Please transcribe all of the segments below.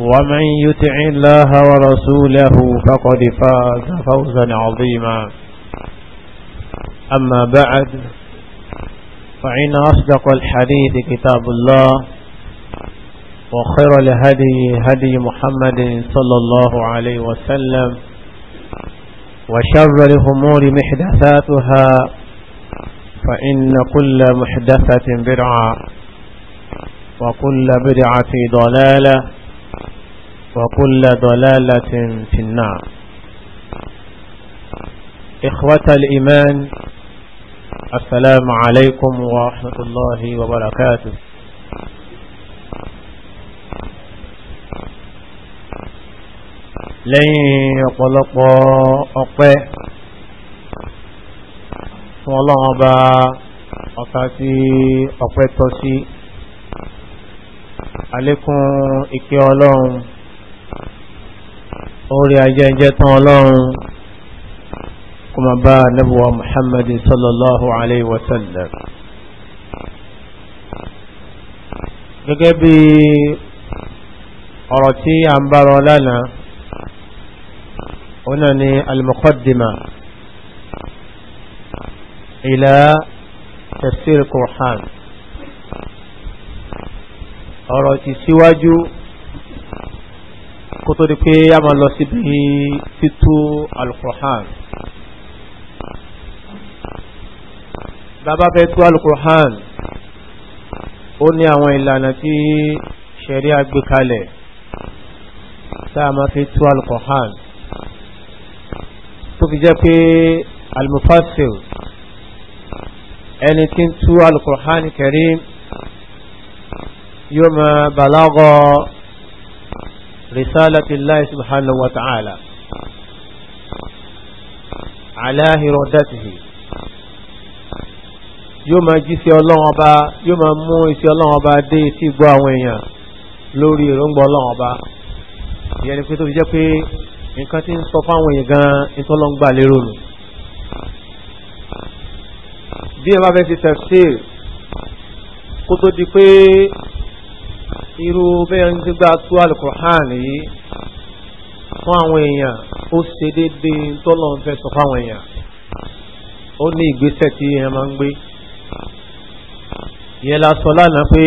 ومن يطع الله ورسوله فقد فاز فوزا عظيما أما بعد فإن أصدق الحديث كتاب الله وخير الهدي هدي محمد صلى الله عليه وسلم وشر الأمور محدثاتها فإن كل محدثة بدعة وكل بدعة ضلالة وكل ضلالة في النار إخوة الإيمان السلام عليكم ورحمة الله وبركاته lẹ́yìn ọ̀pọ̀lọpọ̀ ọpẹ́ fún ọlọ́run ọba ọ̀ká tí ọpẹ́ tọ́ sí alékún ìkẹ́ ọlọ́run orí ajẹ́jẹ́ tán ọlọ́run kuma bá nabuwa muhammadu sallallahu alaihi wasallam gẹ́gẹ́ bí ọ̀rọ̀ tí a ń bá rọ lánàá ọ̀nà ni al-muqaddima tafsir Qur'an ọ̀rọ̀ tí síwájú si kó tó di pé a máa lọ síbi títú alukur'an. bàbá fẹ́ tú alukur'an ó ní àwọn ìlànà tí ṣẹ̀rí àgbékalẹ̀ tá a máa fi tú alukur'an tó fi jẹ́ pé almufassir ẹni tí ń tú alukur'an karim yóò máa balagọ́. رسالة الله سبحانه وتعالى على هرودته yóò máa jí sí ọlọ́run ọba yóò máa mú iṣẹ́ ọlọ́run ọba dé etí gbọ́ àwọn èèyàn lórí èròǹgbà ọlọ́run ọba ìyẹn ni pé tó fi jẹ́ pé nǹkan tí ń sọ fáwọn èèyàn gan-an ìtọ́lọ́ngbà lérò nù bí ẹ bá fẹ́ ti tafsir kó tó di pé irú bẹ́ẹ̀ ń gbígbà tú alukur'an yìí fún àwọn èèyàn ó ṣe déédéé tọ́lọ̀ ń fẹ́ sọ fáwọn èèyàn ó ní ìgbésẹ̀ tí èèyàn máa ń gbé ìyẹn la sọ lánàá pé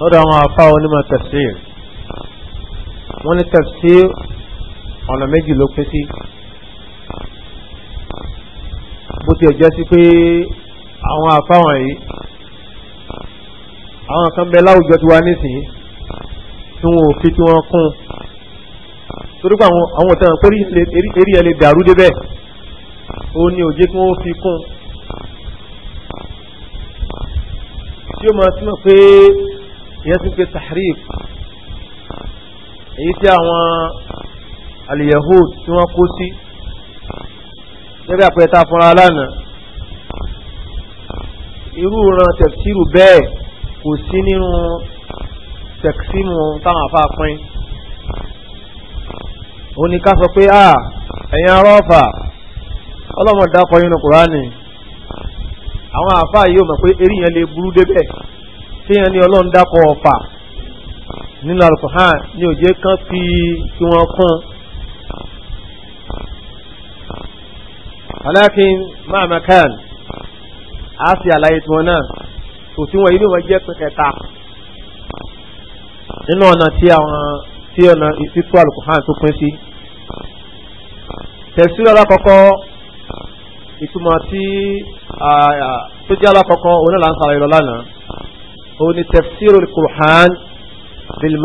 lọ́dọ̀ àwọn afá onímọ̀ tafsir wọ́n ní tafsir ọ̀nà méjì ló pín sí bó ti ẹ̀ jẹ́ sí pé àwọn afá wọ̀nyí àwọn kan bẹ láwùjọ ti wá nísìnyí tí wọn ò fi tí wọn kún torí pé àwọn àwọn ọ̀tàn pé eré ẹ lè dàrú débẹ̀ ó ní òjé kí wọ́n fi kún tí ó máa túmọ̀ pé ìyẹn ti pe tahrif èyí tí àwọn al-Yahud tí wọ́n kó sí gẹ́gẹ́ àpẹẹta fúnra lánàá irú ran tafsiru bẹ́ẹ̀ kò sí nínú tẹ̀kísímù táwọn afá pín ó ní ká sọ pé à ẹ̀yin arọ́fà ọlọ́mọdé akọ yín ní kùránì àwọn afá yóò mọ̀ pé eré yẹn lè burú débẹ̀ tí yẹn ní ọlọ́run dákọ̀ ọ̀fà nínú alukuhan ní òjé kan fi tí wọ́n kún alákin máa mẹ́kàn á sì àlàyé tí wọ́n náà tòsí wọn inú wọn jẹ́ pé kẹta nínú ọ̀nà tí àwọn tí ọ̀nà títú alukuhan tó pín sí. tẹ̀síwájú alákọ̀ọ́kọ́ ìtumọ̀ tí tó jẹ́ alákọ̀ọ́kọ́ onílànsá ìlọ lánàá ó ní tafsiru alukuhan bil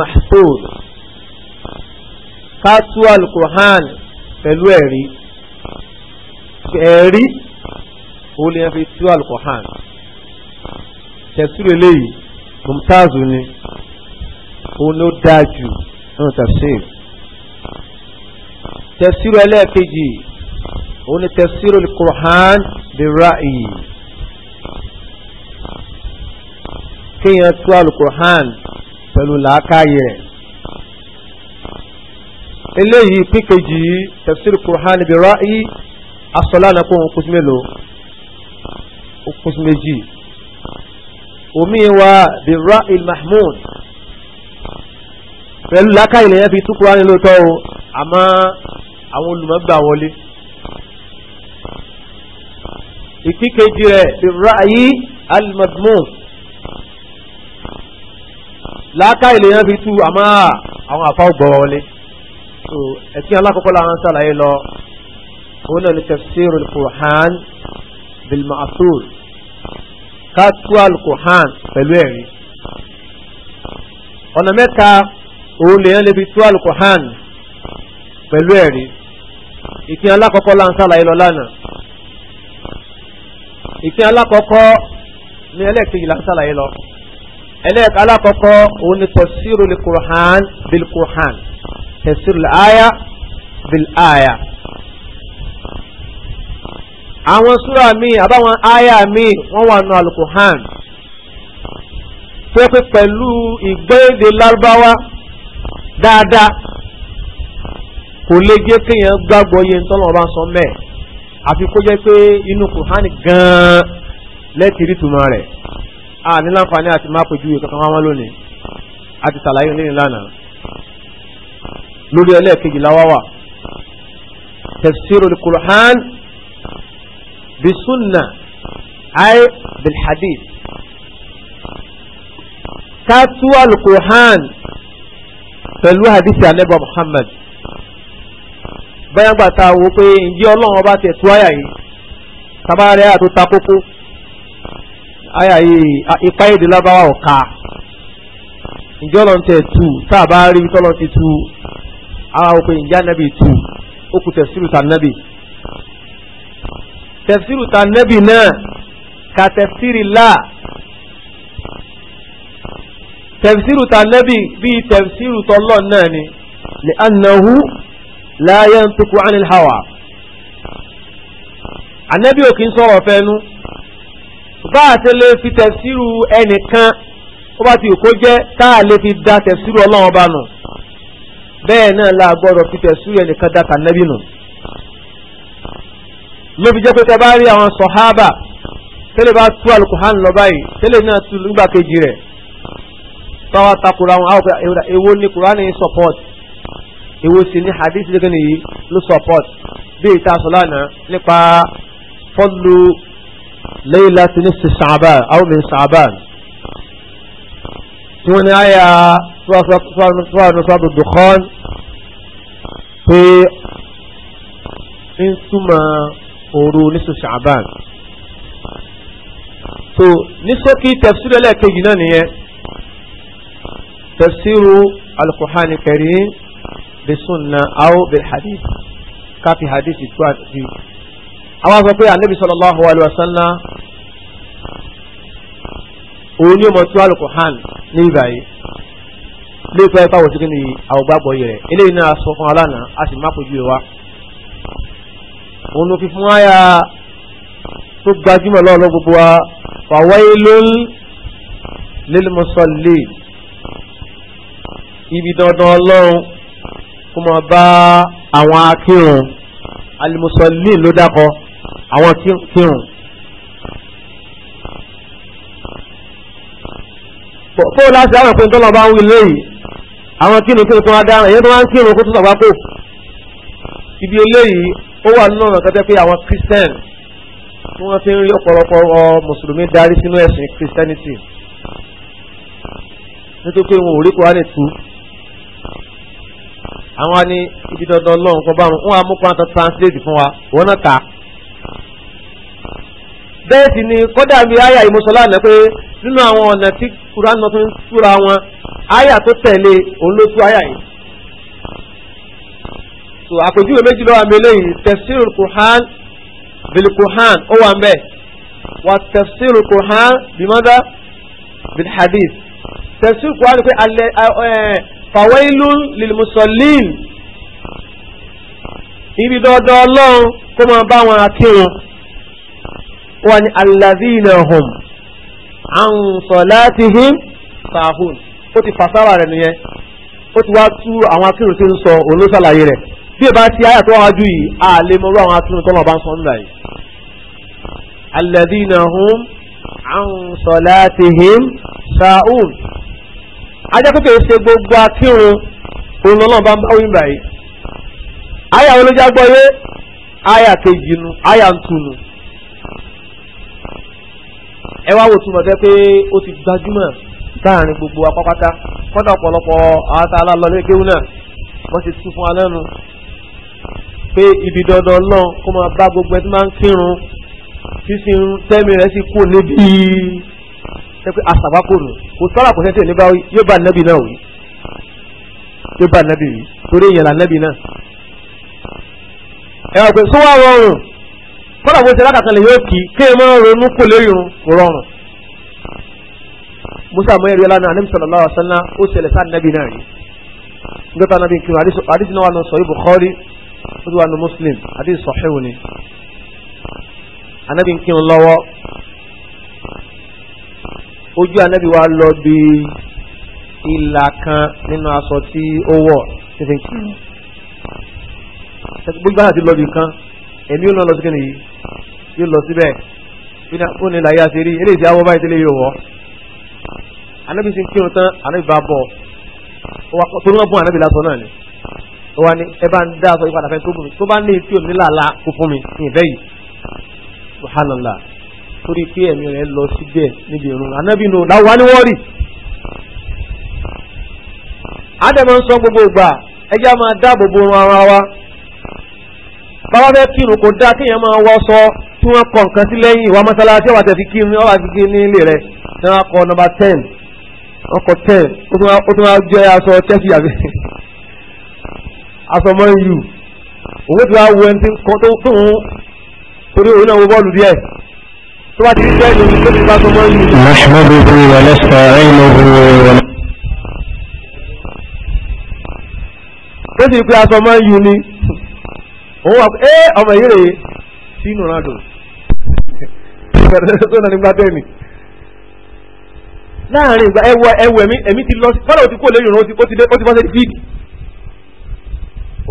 mahsud tẹ̀síwò eléyìí mumtazu ni òun ló dáa jù nínú tafsir tẹ̀síwò ẹlẹ́ẹ̀kejì òun ni tẹ̀síwò al-Qur'an bi-ra'yi kéèyàn tú al-Qur'an pẹ̀lú làákàyè eléyìí píkejì tẹ̀síwò al-Qur'an bi-ra'yi asọ́lá nàkó òun kùsùn mélòó òun kùsùn méjì omi wa bira ilmahmud pẹ̀lú lákàá ilẹ̀ yẹn fi tú Kùránì lóòótọ́ o àmọ́ àwọn olùmọ̀gbà wọlé ìpíkejì rẹ̀ bira ayi almadmud lákàá ilẹ̀ yẹn fi tú àmọ́ àwọn àfáwọ̀gbọ̀ wọlé so ẹ̀sìn alákọ̀ọ́kọ́ la ń sàlàyé lọ òun náà ni tafsirul ká tú alukohan pẹ̀lú ẹ̀rí ọ̀nà mẹ́ta òun lèèyàn lè fi tú alukohan pẹ̀lú ẹ̀rí ìpín alákọ̀ọ́kọ́ là ń sàlàyé lọ lánàá ìpín alákọ̀ọ́kọ́ ní ẹlẹ́ẹ̀kejì là ń sàlàyé lọ ẹlẹ́ẹ̀ka alákọ̀ọ́kọ́ òun ni tafsiru lil Qur'an bil Qur'an tafsiru lil aya bil aya àwọn súra míì àbáwọn àyà míì wọ́n wà nù alukuhan tó pé pẹ̀lú ìgbéde lárúbáwá dáadáa kò lè jẹ́ kéèyàn gbàgbọ́ yẹn tọ́lọ̀ ọba sọ mẹ́ẹ̀ àfi kó jẹ́ pé inú kuhan gan-an lẹ́tìrí tùmọ̀ rẹ̀ a ní láǹfààní àti má pèjú ìkọ̀kọ̀ wọn wọn lónìí àti sàlàyé nínú lánàá lórí ẹlẹ́ẹ̀kejì láwá wà tafsirul Qur'an bisunna أي بالحديث، ká tú alukuhan pẹ̀lú hadithi anabi muhammad báyà gbà tá a wo pé ǹjẹ́ ọlọ́run ọba tẹ̀ tú àyà yìí tabarẹ́ àti takoko àyà yìí ipa èdè lábáwá ọ̀ka ǹjẹ́ ọlọ́run tẹ̀ tú tá a bá rí tọ́lọ́run ti tú àwọn òpin ǹjẹ́ anabi tú ó kù tẹ̀ sílùú sànàbì tafsiru ta nẹ́bì náà ka tafsiri la tafsiru ta nẹ́bì bí tafsiru tọ́lọ́ náà ni li annahu la yantiqu anil hawa anẹ́bì ò kí ń sọ̀rọ̀ fẹ́nu bá a ti lè fi tafsiru ẹnìkan ó bá ti kó jẹ́ tá a lè fi da tafsiru ọlọ́run bá nù bẹ́ẹ̀ náà la gbọ́dọ̀ fi tafsiru ẹnìkan da tànẹ́bì nù. No ló fi jẹ́ pé tẹ́bá rí àwọn sọ̀hábà tẹ́lẹ̀ bá tú alukuhan lọ báyìí tẹ́lẹ̀ náà tú nígbà kejì rẹ̀ táwa takura wọn àwọn èwo ni kurani support èwo sì ni hadith lẹ́gàn yìí ló support bí ìta sọ̀lá náà nípa fọ́lù lẹ́yìnlá ti ní sàbà àwọn mi sàbà tí wọ́n ní àyà sọ́wọ́n dùkọ́n pé ń túmọ̀ òru nísù ṣàbán so ní sókí tafsir ẹlẹ́ẹ̀kejì náà nìyẹn tafsiru al-Qur'ani karim bi sunna aw bil hadith káfí hadith tó àti àwọn sọ pé anabi sallallahu alayhi wa sallam òun ni ọmọ tó al-Qur'an ní ìbáyìí lóòpẹ́ ìpàwọ̀ sí kí ni àwọn gbàgbọ́ yìí rẹ̀ eléyìí náà sọ fún aláàna a sì má kojú ẹ wá òun ló fi fún àyà tó gbajúmọ̀ lọ́wọ́ gbogbo wa fawailul lil musallin ibi dandan ọlọ́run kó máa bá àwọn akírun alimusallin ló dákọ àwọn kírun. fóònù láti àwọn ìpín tọ́lọ̀ bá ń wí léyìí àwọn kírun kírun tó wá dáhùn èyí tó wá ń kírun kó tó sọ̀gbá kò ibi eléyìí ó wà nínú ọ̀nà kẹtẹ́ pé àwọn christian tí wọ́n fi ń rí ọ̀pọ̀lọpọ̀ mùsùlùmí darí sínú ẹ̀sìn christianity nítorí pé wọn ò rí kúránì tú àwọn á ní ibi dandan ọlọ́run kan báwọn wọn á mú kúránì translate fún wa wọn náà kà á. bẹ́ẹ̀ sì ni kọ́dà mi àyà ìmọ̀sọ́lá àná pé nínú àwọn ọ̀nà tí kúránì náà fi ń túra wọn àyà tó tẹ̀lé òun ló tú àyà yìí so àpèjúwe méjì ló wà mẹ́lẹ́ yìí tafsir al-Qur'an bil-Qur'an ó wà ń bẹ̀ wà tafsir al-Qur'an bimada bil-hadith tafsir al-Qur'an pé alẹ́ fawailun lil ibi dọ́dọ́ ọlọ́run kó máa bá wọn akírun wà ní alladhina hum an salatihim sahun ó ti fàṣàrà rẹ̀ nìyẹn ó ti wá tú àwọn akírun tí ń sọ òun ló ṣàlàyé rẹ̀ bí ẹ bá ti àyà tó wájú yìí a lè mọ ọ̀rọ̀ àwọn atúnú tó wọn bá ń sọ nílà yìí. alladhina hum an salatihim sa'un. ajá pé kì í ṣe gbogbo akírun òun lọ́nà bá ń bá wíńbà yìí. àyà olójà gbọ́ yé àyà kejì nu àyà ń ẹ wá wò túmọ̀ tẹ́ pé ó ti gbajúmọ̀ láàrin gbogbo apápátá kọ́dà ọ̀pọ̀lọpọ̀ àwọn náà wọ́n ti tú fún alẹ́ nu pé ibi dandan Ọlọ́run kó máa bá gbogbo ẹ tí máa ń kírun sísìn tẹ́mi rẹ̀ sì kú níbi ṣẹ́pẹ́ àṣàbákòrò kò sọ́ra kò sẹ́sẹ̀ níbà yóò bá nẹ́bì náà wí yóò bá nẹ́bì wí torí èèyàn là nẹ́bì náà. ẹ wà pé sọ́wọ́ rọrùn kọ́dà bó ṣe lákàtà lè yóò kí kí ẹ máa ronú kò lóyún kò rọrùn. musa mọ ẹrú ẹlànà anam sọlọ lọwọ sọlá ó ṣẹlẹ̀ sáà nẹ́bì náà rí. nígbà táwọn nàbí kiri àdìsí náà wà lọ sọ ó ti wà ní muslim hadith sahihu ni anabi ń kírun lọ́wọ́ ojú anabi wa lọ bí ìlà kan nínú aṣọ tí ó wọ̀ títí ń kírun gbogbo àti lọ bí kan èmi ò náà lọ sí kí nìyí yóò lọ síbẹ̀ ó ní ìlàyé àti rí eléyìí tí awọ báyìí tẹ́lẹ̀ yóò wọ̀ anabi sì ń kírun tán anabi bá bọ̀ tó ní wọ́n bọ́ anabi lásán náà ni wọ́n ní ẹ bá ń dá aṣọ ìpadà fẹ́ tó bùnmi tó bá ní etí òní làlá kó fún mi ní ìbẹ́ yìí subhanallah torí pé ẹ̀mí rẹ̀ lọ síbẹ̀ níbi ìrún anábì nù láwa ni wọ́n rì ádámà ń sọ gbogbo ìgbà ẹjẹ́ a máa dáàbò bo ara wa bàbá fẹ́ kírun kò dáa kéèyàn máa wọ́ sọ tí wọ́n kọ̀ nǹkan sí lẹ́yìn ìwà mọ́sálásí ọ̀wà tẹ̀sí kírun ọ̀wà kíkí ní ilé rẹ̀ náà kọ nọmba ten ọkọ̀ ten ó tún wá jẹ́ aṣọ tẹ́sí àbí asọmọ yù òun ti wá wo ẹni kan tó tó ń torí òun náà wo bọ́ọ̀lù díẹ̀ tó bá ti rí bẹ́ẹ̀ ni tó ti bá sọmọ yù. nahmaduhu wa nasta'inuhu wa. tó sì pé asọmọ yù ni òun wà pé ẹ ọmọ yìí rèé sí Ronaldo tó nà nígbà tẹ́ni láàrin ìgbà ẹwọ ẹwọ ẹmí ti lọ sí kọ́lá òtí kò lẹ́yìn òun ó ti bọ́ sí bíìgì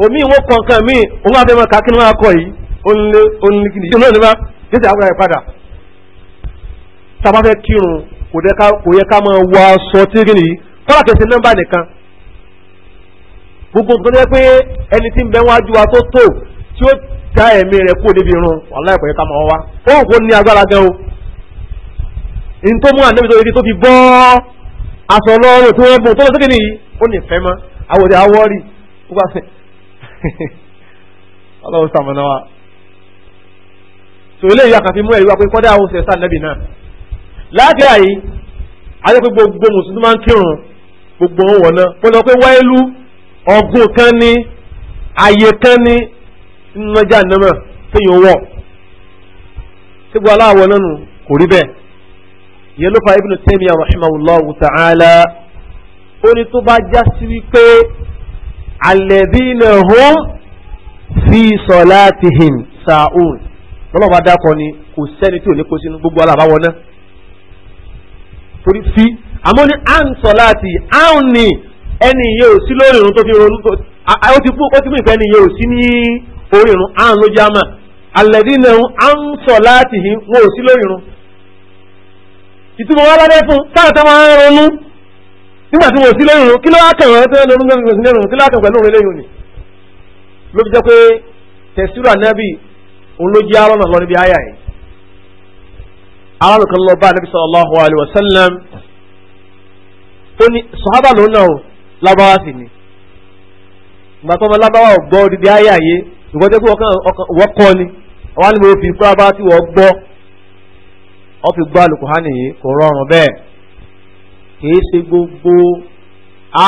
omi ìwọ kọ̀ọ̀kan mi òun wà fẹ́ mọ kàkí ni wọ́n akọ yìí onílé onílé kìnìjì náà ní bá jésù àwọn ẹ̀ padà tàbáfẹ́ kírun kò yẹ ká máa wọ aṣọ tí kìnì yìí kọ́lá kẹsì nọ́mbà nìkan gbogbo nǹkan tó yẹ pé ẹni tí ń bẹ wájú wa tó tó tí ó já ẹ̀mí rẹ̀ kúrò níbi irun wàhálà ẹ̀kọ́ yẹ ká máa wá òun kò ní agbára gan o n tó mú àdébìtò ibi tó fi bọ́ aṣọ lọ́rùn tó wọ́n bùn tó lọ sókè nìyí ó ní ìfẹ́ mọ́ àwòrán awọ́rì gbogbo àṣẹ ọlọ́run sàmọ̀nà wa tòun eléyìí àkàfi mú ẹ̀rí wa pé kọ́dá àwọn oṣù ẹ̀sán nẹ́bì náà láàbí àyí ayé pé gbogbo mùsùlùmí máa ń kírun gbogbo wọn wọ̀nà wọn lọ pé wáyélú ọ̀gùn kan ní àyè kan ní nnájà nàmà téèyàn wọ̀ sígbó aláwọ̀ náà nù kò rí bẹ́ẹ̀ yẹn ló fa Ibn Taymiyyah rahimahullahu ta'ala ó ní tó bá já sí wípé alẹ́dínà hum fi salatihim sa'un lọ́nà bá dákọ ni kò sẹ́ni tí ò ní kó sínú gbogbo alábáwọ̀ náà torí fi àmọ́ ní à ń salati à ń ní ẹni iye ò sí lórí irun tó fi ronú tó ó ti kú ó ti mú ìfẹ́ ni iye ò sí ní orí irun à ló já mà alẹ́dínà à ń salatihim wọn ò sí lórí irun ìtumọ̀ wọn bá dẹ́ fún káàtà máa ń ronú nígbà tí wọ́n sí lẹ́rùn kí ló ákẹ̀wọ̀n tó lọ́rún gbẹ̀rún sí lẹ́rùn kí ló ákẹ̀wọ̀n lórí lẹ́yìn òní ló fi jẹ́ pé tẹ̀síra nẹ́bì òun ló jẹ́ arọ́nà lọ níbi àyà yìí arọ́nà kan lọ bá nẹ́bì sallallahu alaihi wasallam ó ní sọ́hábà lòun náà lábáwá sì ni ìgbà tó ọmọ lábáwá ò gbọ́ odidi àyà yìí ìgbọ́n jẹ́ pé wọ́n ni wọ́n á ní mo fi fúrábá tí wọ́n gbọ́ ọ kìí ṣe gbogbo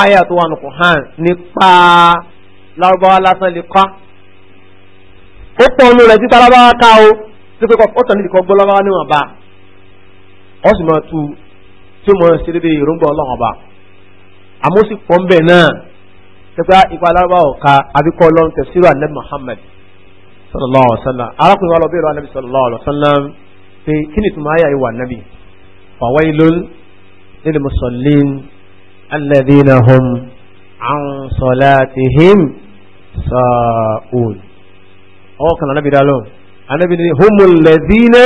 aya tó wà nù kùhán nípa lárúbáwá lásán lè kọ́ ó pọ̀ nù rẹ̀ títa lárúbáwá ká o tí pé ó tàn nídìí kọ́ gbọ́ lárúbáwá níwọ̀nba ó sì máa tu tí ó mọ̀ ṣe déédéé èròǹgbà ọlọ́run ọba àmọ́ ó sì pọ̀ ń bẹ̀ náà tẹ́pẹ́ ipa lárúbáwá ọ̀ka àbíkọ́ ọlọ́run tẹ̀síwá anabi Muhammad sallallahu alaihi wa sallam arákùnrin wa lọ bẹ́ẹ̀ lọ anabi sallallahu alaihi wa sallam pé kí للمصلين الذين هم عن صلاتهم ساؤون أو كان النبي قالوا النبي هم الذين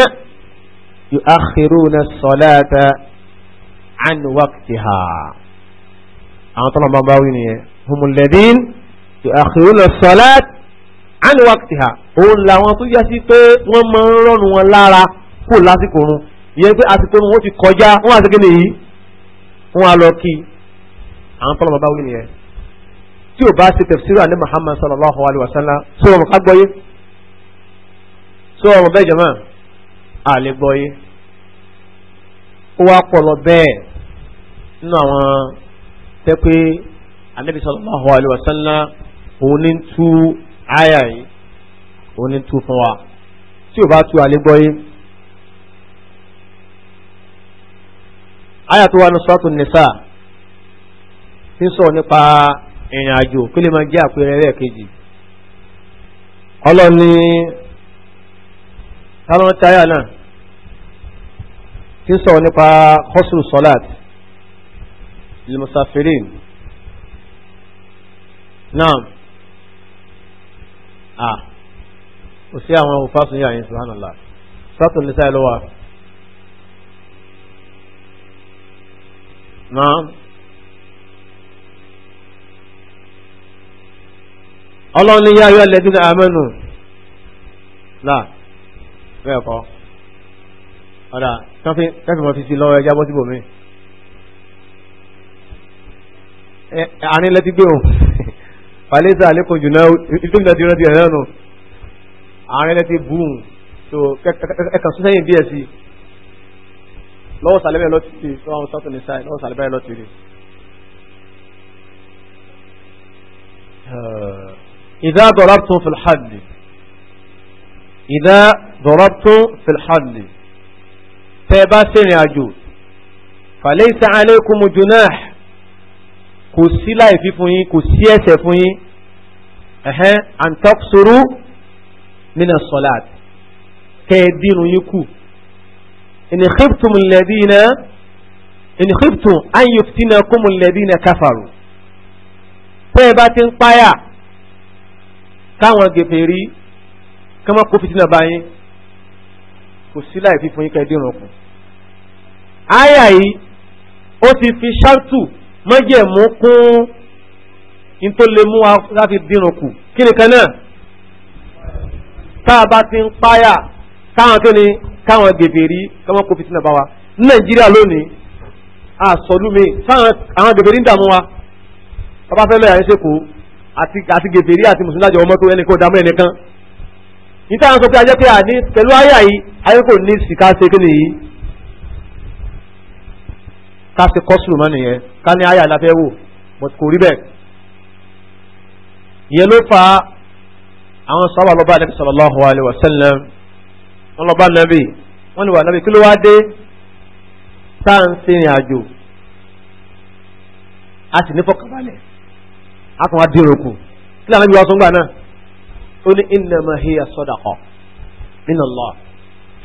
يؤخرون الصلاة عن وقتها أنا طلع باباويني هم الذين يؤخرون الصلاة عن وقتها أول لا وانتو يسيطو ومن رون ولا لا كل لاسكو yẹn pé àsìkò wọn ti kọjá wọn àti wọ́n á lọ kí àwọn tọ́lọ́mọ bá wí nìyẹn tí o bá ṣe tafsiru àní Muhammad sallallahu alayhi wa sallam sọ wọn ká gbọ́yé sọ wọn bẹ́ẹ̀ jama àlè gbọ́yé ó wá pọ̀ lọ bẹ́ẹ̀ nínú àwọn tẹ́ anabi sallallahu alayhi wa sallam òun ní tú àyà yìí òun ní tú fún wa tí o bá tú àlè gbọ́yé. àyà tó wà ní sọ́tù nìsà ti sọ nípa ìrìn àjò kí lè máa jẹ́ àpẹẹrẹ lẹ́ẹ̀kejì ọlọ́ni tálọ́n táyà náà ti sọ nípa kọ́sùrù sọ́láàt lèmọ́sáfírìn náà à kò sí àwọn òfàsùn yà yín subhanallah sọ́tù nìsà ẹ̀ lọ́wọ́. náà. ọlọ́run ní yá ayọ́ lẹ́dínà amẹ́nu là bẹ́ẹ̀ kọ́ ọ̀dà kẹ́fì mọ́ títí lọ́wọ́ ẹja bọ́ síbò mí àní lẹ́tí gbé òun falẹ́sà lẹ́kọ̀ọ́ jù náà ìtò ìgbà tí ó rántí ẹ̀rọ nù àárín lẹ́tí bùn so ẹ̀kan sún sẹ́yìn díẹ̀ sí i lọ́wọ́ sàlẹ́bẹ̀ lọ́ti ti lọ́wọ́ sọ́tún ní sáì lọ́wọ́ sàlẹ́bẹ̀ lọ́ti rí. إذا ضربتم في الحد إذا ضربتم في الحد تبا سيرìn àjò فليس عليكم جناح kò sí láìfí fún yín kò sí ẹ̀ṣẹ̀ fún yín ẹ̀hẹ́n an taqsuru min as yín kù إن خفتم الذين إن خفتم أن يفتنكم الذين كفروا تيبات طيا كانوا جفيري كما كفتنا باين كسلا في فوني كدينكم آية yìí ó ti fi ṣáàtù mọ́jẹ̀mú kún in tó lè mú wa láti dínrùnkù kí nìkan náà tá a káwọn gègèrí káwọn kó fitinà bá wa ní nàìjíríà lónìí àsọlùmí sáwọn àwọn gègèrí ń dààmú wa bàbá fẹ́ lọ́yà ń ṣe kó àti àti gègèrí àti mùsùlùmí àjọ ọmọ tó ẹnì kan dààmú ẹnìkan yìí táwọn sọ pé ajẹ́ pé àní pẹ̀lú àyà yìí ayé kò ní sìkà ṣe kí nìyí ká ṣe kọ́sùrù mọ́ nìyẹn ká ní àyà la wò but kò rí bẹ́ẹ̀ ìyẹn ló fa àwọn sábà lọ́ba àdàbí sallallahu alaihi wasallam wọ́n lọ bá nàbì wọ́n ní wà nàbì kí ló wá dé tá à ń sin àjò a sì ní fọkànbalẹ̀ a kàn wá dín òkú kí làwọn ibi wa sọ ń gbà náà ó ní innama hiya sadaqa minallah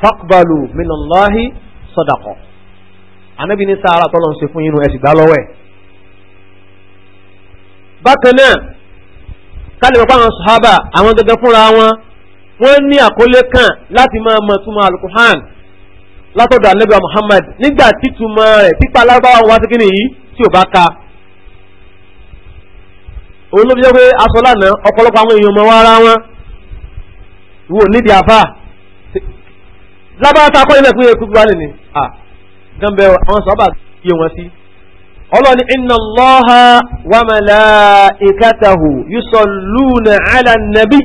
faqbalu minallahi sadaqa anabi ní sàárà tọ́lọ̀ ń ṣe fún yín nu ẹ̀ sì lọ́wọ́ ẹ̀. bákan náà kálí bàbá àwọn sàhábà àwọn gẹ́gẹ́ fúnra wọn wọ́n ní àkọlé kan láti máa mọ̀ túmọ̀ alukuhan látọ̀dọ̀ anabi muhammad nígbà títúmọ̀ rẹ̀ pípa alágbára wa ti kíni yìí tí ò bá ka. òun ló fi jẹ́ pé aṣọ lánàá ọ̀pọ̀lọpọ̀ àwọn èèyàn mọ̀ wá wọn wò nídìí afá lábára ta akọ́lé náà fún ekúgbà nìní à àwọn sábà yé wọn sí. ọlọ́ni inna Allaha wa malaikatahu yusalluna ala nabi.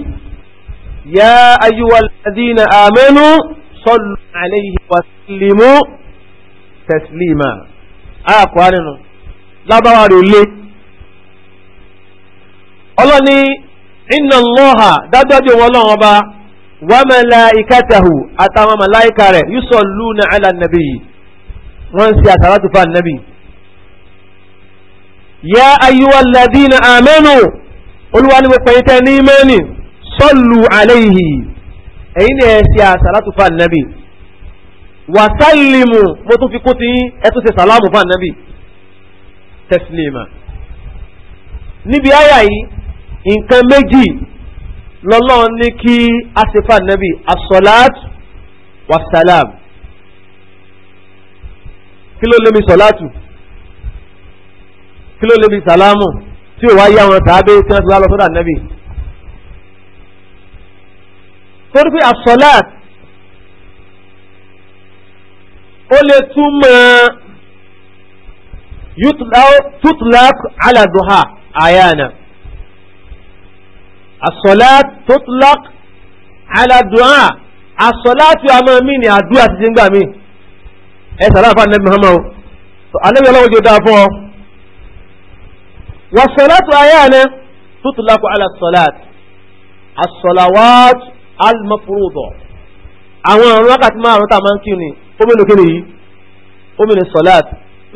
يا أيها الذين آمنوا صلوا عليه وسلموا تسليما أقوالنا لا ضرر لي الله ني إن الله دادج والله أبا وملائكته أتام ملائكة يصلون على النبي وانسي أتراتوا النبي يا أيها الذين آمنوا قلوا أن مقيتني ماني sọ́lù àléhì ẹ̀yin náà ẹ ṣe àsàlátù fún ànábì wàsálìmù mo tún fi kó ti yín ẹ tún ṣe sàlámù fún ànábì tẹ̀sílẹ̀mà níbi àyà yìí nǹkan méjì lọ́lọ́run ní kí a ṣe fún ànábì asọ́láàtù wàsálàmù kí ló lémi sọ̀láàtù kí ló lémi sàlámù tí ò wá yá wọn tàbí tí wọ́n ti wá lọ sọ́dọ̀ ànábì torí pé àsọ̀lá ó lè túmọ̀ tutlaq ala duha ayana àsọ̀lá tutlaq ala duha àsọ̀lá tí a máa mí ni àdúrà ti ti ń gbà mí ẹ sàrà fún anabi muhammadu anabi ọlọ́wọ́ jẹ́ dáa fún ọ wàsọ̀lá ayana tutlaq ala sọ̀lá al-mafruḍa àwọn ọ̀run wákàtí márùn-ún tá a máa ń kírun ni ó mélòó kéde yìí ó mélòó sọ̀láàt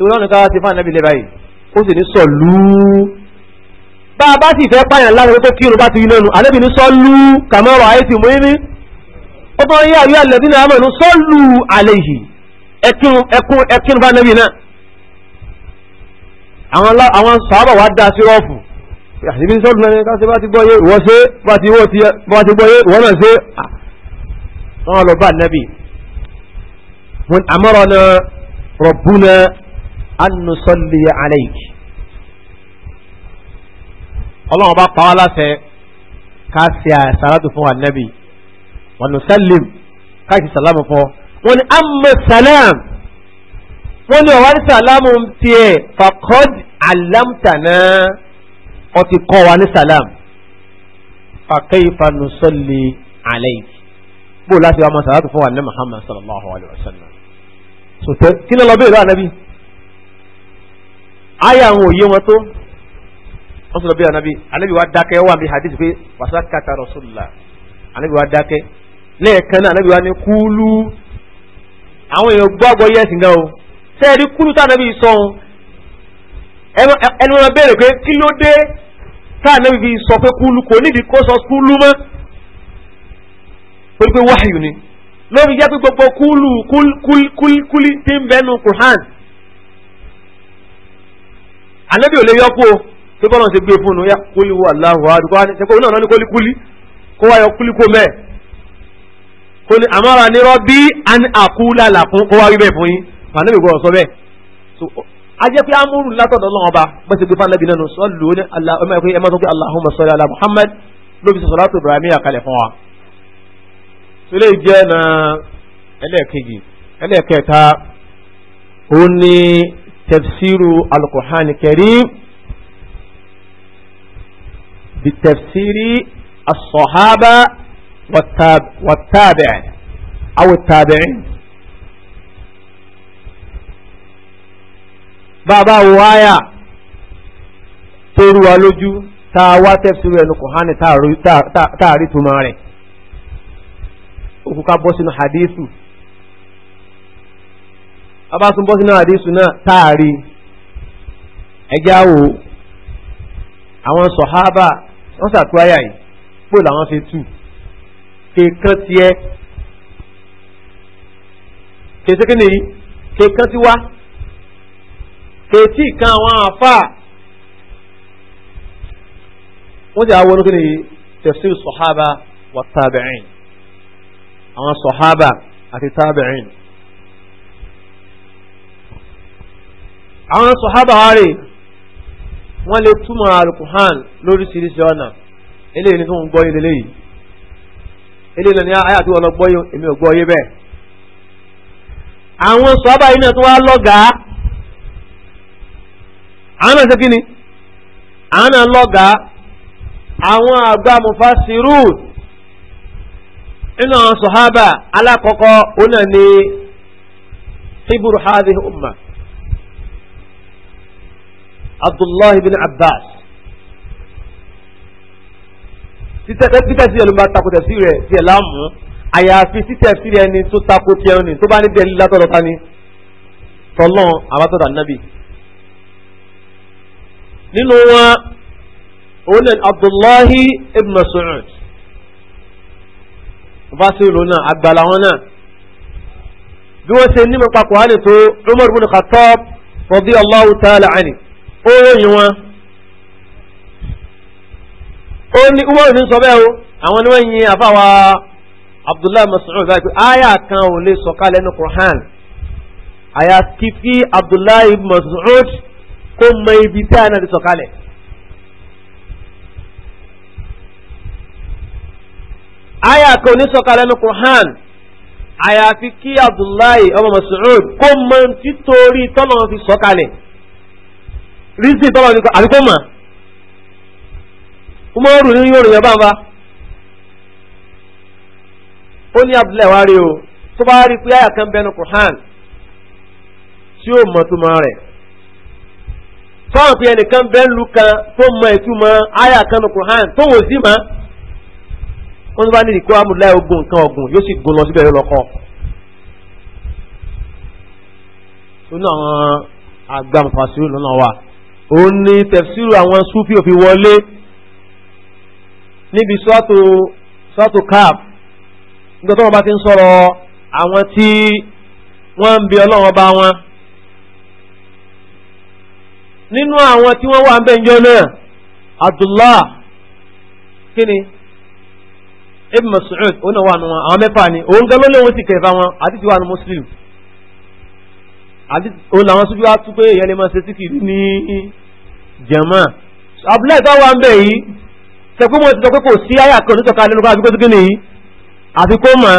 ìwé ọ̀nà ká ti fáwọn ẹbí lè báyìí ó sì ní sọ̀lú bá a bá sì fẹ́ pààyàn lára tó kírun bá ti rí lẹ́nu àlébi ní sọ́lú kàmọ́rọ̀ ayé ti ó tọ́ yé àwí àlẹ́bí náà mọ̀ ní sọ́lú àlẹ́yìí ẹkún ẹkún àṣìbí sọ́dún náà ká ṣe bá ti gbọ́ yé ìwọ ṣe bá ti gbọ́ yé ìwọ náà ṣe wọ́n lọ bá nẹ́bì àmọ́rọ̀ na rọ̀bùnà annusọ́lì aláìkì ọlọ́run bá pa wá láṣẹ ká ṣe àṣàlátù fún wa nẹ́bì wọn sálìm ká ṣe sàlámù fún wọn ni àmọ́ sàlám wọn ni ọ̀wá ní sàlámù tiẹ̀ fàkọ́d àlámtà náà ó ti kọ́ wa ní salam fakaifa nusalli alayhi bó o láti wá máa sàlátù fún wa ní muhammad sallallahu alayhi wa sallam sòtẹ kí ni lọ́bẹ̀rẹ̀ lọ́wọ́ anabi ayé àwọn òye wọn tó wọ́n sọ lọ́bẹ̀rẹ̀ anabi anabi wa dákẹ́ wà bí hadith pé wàsá kàtà rasulillah anabi wa dákẹ́ lẹ́ẹ̀kan náà anabi wa ní kúlú àwọn èèyàn gbọ́ àgbọ̀ yẹ́sìn náà o sẹ́ẹ̀rí kúlú tá anabi sọ̀hún ẹnu wọn béèrè pé kí ló dé tá ànábì fi sọ pé kúlù kò nídìí kó sọ kúlù mọ́ torí pé wáyù ni lórí jẹ́ pé gbogbo kúlù kúlí tí ń bẹnu Qur'an ànábì ò lè yọ kú o tó bọ́lá ṣe gbé fún un ya kúlì wà láwùú àdúgbò wa ṣe kó iná náà ní kúlì kúlì kó wá yọ kúlì kó mẹ́ẹ̀ kó ní àmọ́ra ní rọ́bí àkúlà làkún kó wá rí bẹ́ẹ̀ fún yín ànábì gbọ́dọ̀ sọ bẹ́ẹ̀ ajẹ́ pé amúrù látọ̀dọ̀ lọ́wọ́n ba bẹ́sẹ̀ gbé fáńlẹ́bí náà sọ lónìí ala ọmọ ẹ̀kọ́ ẹ̀ máa sọ pé Allahumma salli ala Muhammad ló fi sọ̀rọ̀ láti Ibrahim àkàlẹ̀ fún wa. sílẹ̀ jẹ́ na ẹlẹ́ẹ̀kejì ẹlẹ́ẹ̀kẹta ó ní tafsiru al-Qur'an karim bi tafsiri as-sahaba wat-tabi'in aw tabiin bàbá wo àyà tó rú wa lójú tá a wá tafsir ẹnu Kùránì tá a rí túmọ̀ rẹ̀ òkú ká bọ́ sínú hadithu abásun bọ́ sínú hadithu náà tá a rí ẹjẹ́ àwò àwọn sọ̀hábà wọ́n sàtú àyà yìí pò làwọn ṣe tù kéèkan tiẹ̀ kéèkan tiwa kèétí kan àwọn àfa wọ́n ti àwọn olókè ní tafsir sọ̀hábà wà tábìrín àwọn sọ̀hábà àti tábìrín. àwọn sọ̀hábà hárè wọ́n lè túmọ̀ alukuhan lóríṣiríṣi ọ̀nà eléyìí ni tó ń gbọ́ yé lélẹ́yìí eléyìí náà ni àyà tí wọ́n lọ gbọ́ èmi ò gbọ́ yé bẹ́ẹ̀. àwọn sọ̀hábà yìí náà tó wá lọ́gàá àwọn náà ṣe kí ni àwọn náà lọ́gàá àwọn àgbà mufasirun nínú àwọn sọ̀hábà alákọ̀ọ́kọ́ òun náà ni hibru hadhihi umma abdullahi bin abbas títẹ̀ sí ẹlòmíà takò tẹ̀sí rẹ̀ sí ẹ̀ láàmú àyàfi títẹ̀ sí rẹ̀ ni tó takò tiẹ̀ ni tó bá ní dẹ́lí látọ̀dọ̀ ta ni tọ́lọ́n àbátọ̀dọ̀ ànábì nínú wọn òun náà Abdullahi ibn Mas'ud fásitì náà àgbàlá wọn náà bí wọ́n ṣe nímọ̀ papọ̀ hàn tó Umar ibn Khattab radiyallahu ta'ala anhu ó ròyìn wọn ó ní Umar ní sọ bẹ́ẹ̀ o àwọn ni wọ́n yin àfàwà Abdullahi Mas'ud báyìí pé àyà kan ò lè sọ̀kalẹ̀ ní Qur'an àyà kí fi Abdullahi Mas'ud. kó mọ ibi tí àyà ti sọ̀kalẹ̀. àyà kan ní sọ̀kalẹ̀ ní Qur'an àyàfi kí Abdullahi ọmọ Mas'ud kó mọ títorí tọ́lọ́ fi sọ̀kalẹ̀ rísì tọ́lọ́ ní àbíkó mọ̀ umaru ní yóò rìnyàn báńbá ó ní Abdullahi wá rí o tó bá rí pé àyà kan bẹnu Qur'an tí ó mọ̀ tó máa rẹ̀. fáwọn pé ẹnìkan bẹ́ẹ̀ lu kan tó mọ ìtumọ̀ àyà kan nìkan hàn tó wò sí mọ́ wọ́n tó bá ní ìkó amúláyà ogun nǹkan ọ̀gùn yóò sì gun lọ síbẹ̀ yóò lọ kọ́ nínú àwọn agbamfàṣírù lọ́nà wa ó ní tẹ̀síru àwọn súfì òfin wọlé níbi sọ́tò sọ́tò cap nígbà tó wọn bá ti ń sọ̀rọ̀ àwọn tí wọ́n ń bi ọlọ́run ọba wọn nínú àwọn tí wọ́n wà ń bẹ̀ náà Abdullah kíni Ibn Mas'ud ó náà wà nù wọn àwọn mẹ́fà ni òun gan ló léwu sì kẹfà wọn àti ti wà nù Muslim àti òun làwọn sójú wa tún pé èèyàn lè máa ṣe síkì ní jama Abdullahi tó wà ń bẹ̀ yìí sẹ́kú mọ̀ ti sọ pé kò sí àyà kan nítọ́ka lẹ́nu kan àbíkó síkìnì yìí àbíkó mọ̀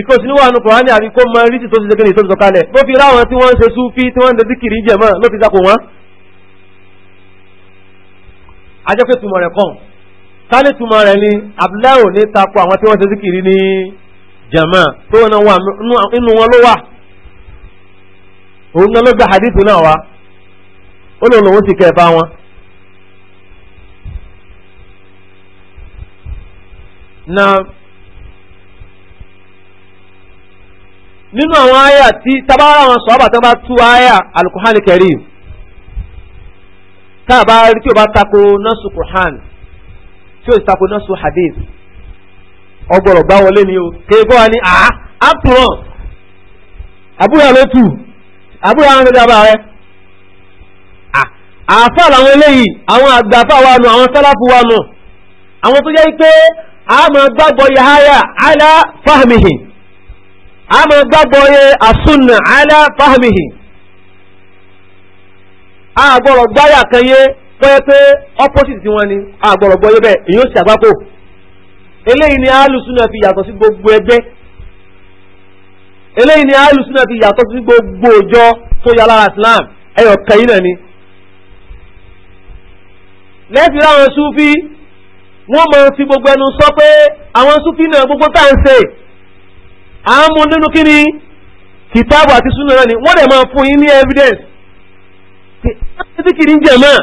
ìkó sínú wà nù Kùránì àbíkó mọ̀ rísì tó ti sẹ́kìnì tó ti sọ bó fi ráwọn tí wọ́n ń ṣe súfí tí wọ́n ń ṣe síkìrì jẹ̀mọ́ ló fi sàkó wọn ajẹ́ pé túmọ̀ rẹ̀ kàn tálẹ̀ túmọ̀ rẹ̀ ni abdullahi ò ní takò àwọn tí wọ́n ṣe síkìrì ní jama tó wọn wà nínú wọn ló wà òun náà ló gba hadithu náà wá ó lòun lòun sì kẹfà wọn. na nínú àwọn àyà tí tábàárà wọn sọ àbàtàn bá tú àyà alukuhani karim tá a bá rí tí o bá tako nọ́ọ̀sù Qur'an tí o sì tako nọ́ọ̀sù hadith ọgbọ̀rọ̀ gbá wọlé ni o kéé kọ́ wa ní a àpùrọ̀ àbúrò àlọ́ tù àbúrò àwọn ọ̀dọ́ àbá rẹ. àáfà làwọn eléyìí àwọn àgbàfà wa nù àwọn sálàfù wa nù àwọn tó jẹ́ pé a máa gbàgbọ́ yahaya ala fahmihi a máa gbàgbọ́ yẹ asúnà ala fahmihi àgbọ̀rọ̀ gbáyà kan yé pẹ́ pé opposite wọn ni àgbọ̀rọ̀ gbọ́ yé bẹ́ẹ̀ èyí ó sì àgbákò eléyìí ni alùsùnà fi yàtọ̀ sí gbogbo ẹgbẹ́ eléyìí ni alùsùnà fi yàtọ̀ sí gbogbo òjọ tó yà lára Islam ẹyọ kẹyìn náà ni. lẹ́sì láwọn Súfí wọ́n mọ̀ fi gbogbo ẹnu sọ pé àwọn Súfí náà gbogbo tá à ń ṣe à ń mú nínú kí ni kìtáàbù àti súnà náà ni wọ́n dẹ̀ máa fún yín ní evidence ṣe zikiri ń jẹ̀mọ́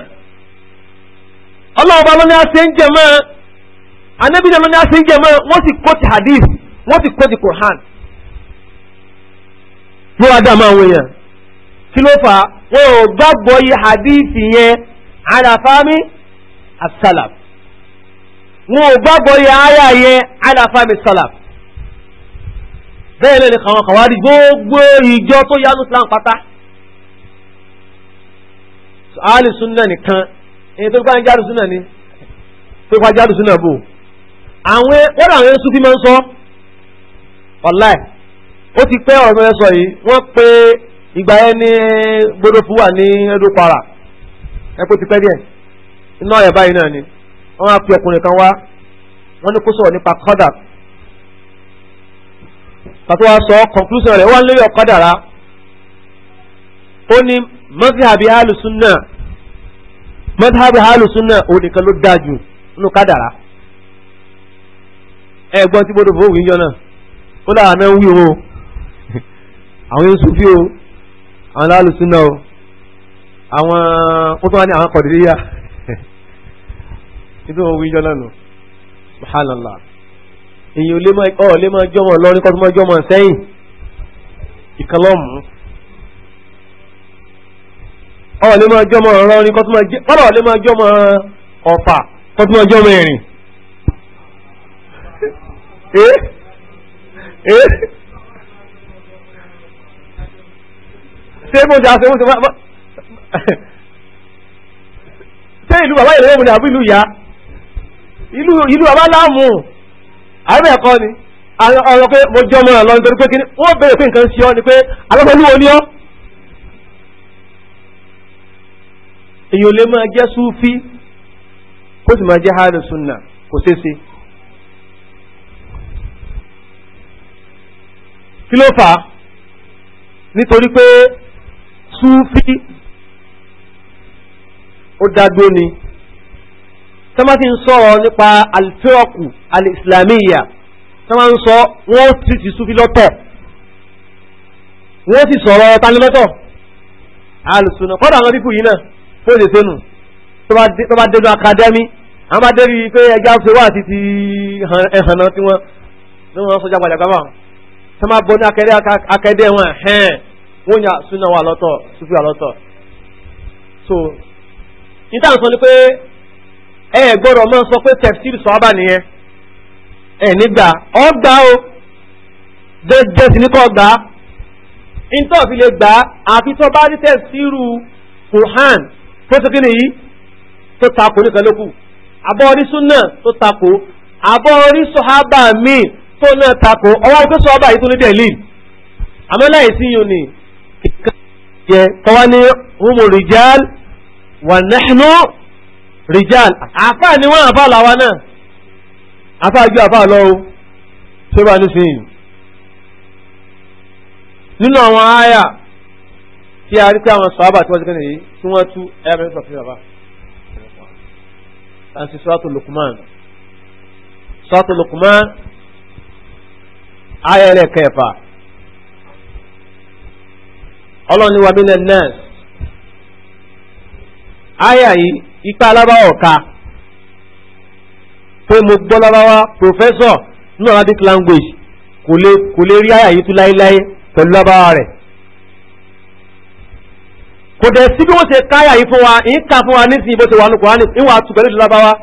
ọlọ́ọ̀bá ló ní a ṣe ń jẹ̀mọ́ anábì náà ló ní a ṣe ń wọ́n sì kó ti hadith wọ́n sì kó ti Qur'an ló wá dáàmú àwọn èèyàn kí ló fà wọn ò gbàgbọ́ yí hadith yẹn aláfáàmì asálàf wọn ò gbàgbọ́ yí àyà yẹn aláfáàmì sálàf bẹ́ẹ̀ lẹ́nu kàwọn kàwárí gbogbo ìjọ tó yá ní pátá àálì súnà nìkan èyí tó gbáyé jáde súnà ni tó gbáyé jáde súnà bò àwọn wọ́n àwọn ẹ̀sùn fi máa ń sọ ọ̀la ẹ̀ ó ti pẹ́ ọ̀rọ̀ mẹ́rin sọ yìí wọ́n pe ìgbà yẹn ní gbọdọ̀ fún wa ní ẹdún para ẹ pé ti pẹ́ díẹ̀ iná ọ̀yà báyìí náà ni wọ́n á pe ọkùnrin kan wá wọ́n ní kó sọ̀rọ̀ nípa kọ́dà pàtó wa sọ conclusion rẹ̀ wọ́n lórí ọ̀kọ́dà rà ó ní mọ́tíhábì alùsùnà mọ́tíhábì alùsùnà òun nìkan ló dáa jù nínú kádàrá ẹ̀gbọ́n tí gbọ́dọ̀ fowó yíyọ náà ó dára náà ń wí o àwọn yóò sùfí o àwọn alùsùnà o àwọn ó tó wá ní àwọn kọ̀dìríyà nítorí wọn wíyọ náà nù subhanallah èyí ò lè máa jọmọ lọrin kọ́ tó máa jọmọ sẹ́yìn ìkànlọ́mù ọ̀rọ̀ lè máa jọmọ ọ̀rọ̀ ni kọ́tùmọ̀ lè máa jọmọ ọ̀fà kọ́tùmọ̀ jọmọ ẹ̀rìn eh eh ṣé mo jà ṣe mo ṣe máa ṣé ìlú bàbá ìlú ìmúlẹ̀ àbí ìlú ìyá ìlú bàbá láàmú àbẹ̀ ẹ̀kọ́ ni ọ̀rọ̀ pé mo jọmọ ọ̀rọ̀ nítorí pé kí ni wọ́n bẹ̀rẹ̀ pé nǹkan ṣe ọ́ ni pé alọ́pẹ̀lú wo ni ọ́ èyàn lè máa jẹ́ súfí kó sì máa jẹ́ hálù súnà kò ṣeéṣe kí ló fà á nítorí pé súfí ó dádó ni tọ́mátì ń sọ̀rọ̀ nípa alifẹ́ọ̀kù alìsìlámíyà tọ́mátì ń sọ wọ́n ti ti súfí lọ́tọ̀ wọ́n sì sọ̀rọ̀ tánilọ́tọ̀ alùsùnà kọ́dà àwọn dípò yìí náà bó ṣe ṣe nù tó bá dénú akadẹ́mí àwọn bá débi pé ẹja ṣe wá àti ti ẹ̀hànà tí wọ́n ní wọ́n sọjá padà gbábà tó máa bọ́ ní akẹ́dẹ́ wọn ẹ̀hẹ́n wọ́n yà súnà wà lọ́tọ̀ súfì wà lọ́tọ̀ so níta sọ ni pé ẹ gbọ́dọ̀ máa sọ pé tafsir sọ ábà nìyẹn ẹ nígbà ọgbà o jẹ́ sí ní kọ́ gbà á ìtọ́ fi lè gbà á àfi tó bá ní tafsiru Qur'an tó ti kíni yìí tó takò nìkan ló kù àbọ̀ orí súnà tó takò àbọ̀ orí sọ̀hábà míì tó náà takò ọwọ́ pé sọ̀hábà yìí tó ní dẹ̀lì àmọ́ láì sí yìí ni kíkà jẹ kọ́wá ní humu rijal wa nahnu rijal àfáà ni wọ́n àfáà làwa náà àfáà ju àfáà lọ́wọ́ tó bá ní sìn nínú àwọn àyà tí a rí pé àwọn sọ́ábà tí wọ́n ti kẹ́ni yìí tí wọ́n tú ẹ̀rọ sọ fún bàbá. à ń ṣe sọ́ọ́tò Luqman sọ́ọ́tò Luqman ayẹ̀rẹ̀ kẹfà ọlọ́ni wa mílẹ̀ nẹ́ẹ̀sì ayà yìí ipa alábáwọ̀ ka pé mo gbọ́ lábáwá professor ní Arabic language kò lè rí ayà yìí tú láéláé pẹ̀lú lábáwá rẹ̀ kò dẹ̀ sí bí wọ́n ṣe káyà yìí fún wa yìí ká fún wa nísìnyí bó ṣe wà ní kùránì ìwọ̀n àtúgbẹ̀ ní ìdílábá wa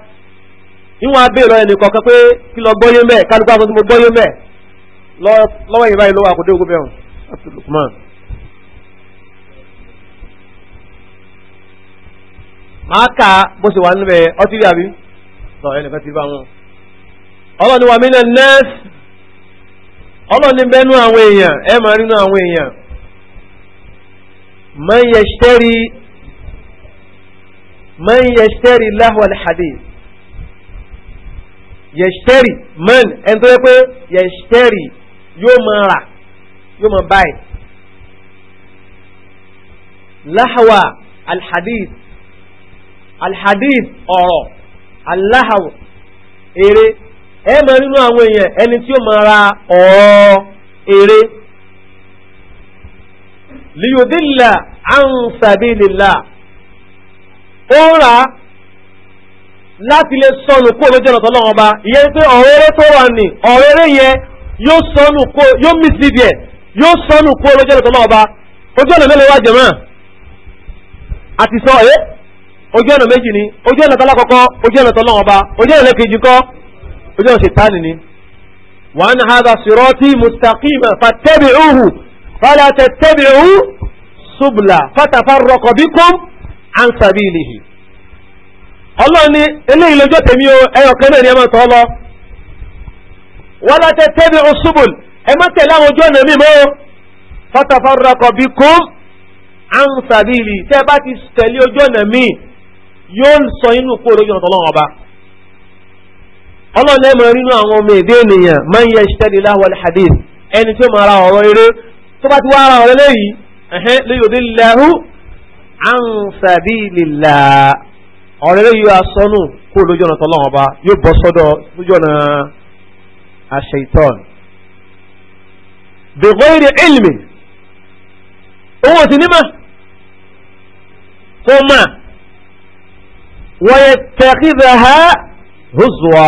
ìwọ̀n abẹ́ lọ ẹnì kọ̀ọ̀kan pé kí lọ gbọ́yé mẹ́ kálukú àwọn tó gbọ́yé mẹ́ lọ́wọ́ yìí báyìí lọ́wọ́ àkùdé ogun bẹ́ẹ̀ hàn. máa kà bó ṣe wà níbẹ̀ ọtí rí àbí sọ ẹnìkan ti bá wọn. ọlọ́ni wà mí náà nẹ́ẹ̀sì ọlọ́ni bẹ́ẹ̀ nú àwọn èèyàn ẹ máa rí nú àwọn èèyàn من يشتري من يشتري lahwa alhadith yashtari man ẹni tó yẹ pé yashtari yóò máa rà yóò máa báyìí lahwa alhadith alhadith ọ̀rọ̀ aláhàwọ̀ eré ẹ máa nínú àwọn èèyàn ẹni tí ó máa ra ọ̀ọ́ eré liyudilla an sabilillah ó rà láti lè sọnù kó lójú ọ̀nà tọ́lọ́wọ́ ọba ìyẹn pé ọ̀rẹ́rẹ́ tó wà ní ọ̀rẹ́rẹ́ yẹn yóò sọnù kó yóò mí sí ibẹ̀ yóò sọnù kó lójú ọ̀nà tọ́lọ́wọ́ ọba ojú ọ̀nà mélòó wá jẹ̀mọ́ àti sọ ẹ́ ojú ọ̀nà méjì ni ojú ọ̀nà tọ́lá kọ́kọ́ ojú ọ̀nà tọ́lọ́wọ́ ọba ojú ọ̀nà lẹ́kejì kọ́ ojú ọ̀nà ṣètánì ni wa anna hadha sirati fala tattabi'u subla fatafarraqa bikum an sabilihi ọlọ́run ní eléyìí lójó tèmi o ẹyọ̀kan náà ni ẹ máa tọ́ lọ wala tattabi'u subul ẹ má tẹ̀lé àwọn ojú ọ̀nà mímọ́ fatafarraqa bikum an sabili tẹ́ bá ti tẹ̀lé ojú ọ̀nà míì yóò sọ inú kó lójú ọ̀nà tọ́lọ́run ọba ọlọ́run ẹ máa rí inú àwọn ọmọ èdè ènìyàn man yashtari lahwal hadith ẹni tó máa ra ọ̀rọ̀ eré tó bá ti wá ara rẹ léyìí ẹ̀hẹ́n léyìí òde lẹ́rú ànsàbí lìlà ọ̀rẹ́ léyìí asọ́nù kó lójú ọ̀nà tọ́lọ́wọ́n ọba yóò bọ́ sọ́dọ̀ lójú ọ̀nà àṣeyìtọ́n. bẹ̀gọ́yìrì ilmi owó ti ní mà kó mà wọ́n yẹ ha hùzùwà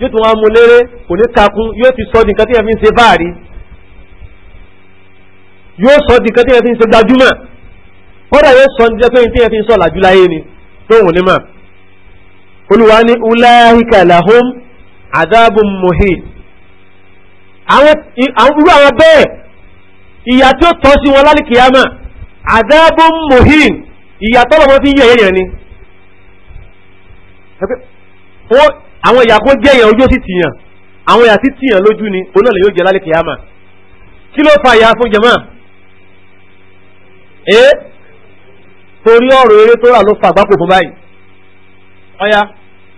yóò tún wá mú léré kò ní kakún yóò ti sọ́ di nǹkan tí yẹn fi ń ṣe báàrí yóò sọ di kan tí yẹn fi ń ṣe gbajúmọ̀ kódà yóò sọ ní pé tí yẹn fi ń sọ làjú láyé ni tó wùn ní mà olùwà ní ulaika lahum adabun muhin àwọn irú àwọn bẹ́ẹ̀ ìyà tí ó tọ́ sí wọn lálìkìyàmà adabun muhin ìyà tọ́lọ̀ wọn fi yẹ̀yẹ̀ yẹn ni àwọn ìyà kó jẹ́ yẹn ojú sí tìyàn àwọn ìyà sí tìyàn lójú ni onáà yóò jẹ lálìkìyàmà kí ló fa ìyà fún jẹmọ́ ee torí ọ̀rọ̀ eré tó rà ló fa àgbákò fún báyìí ọ̀ya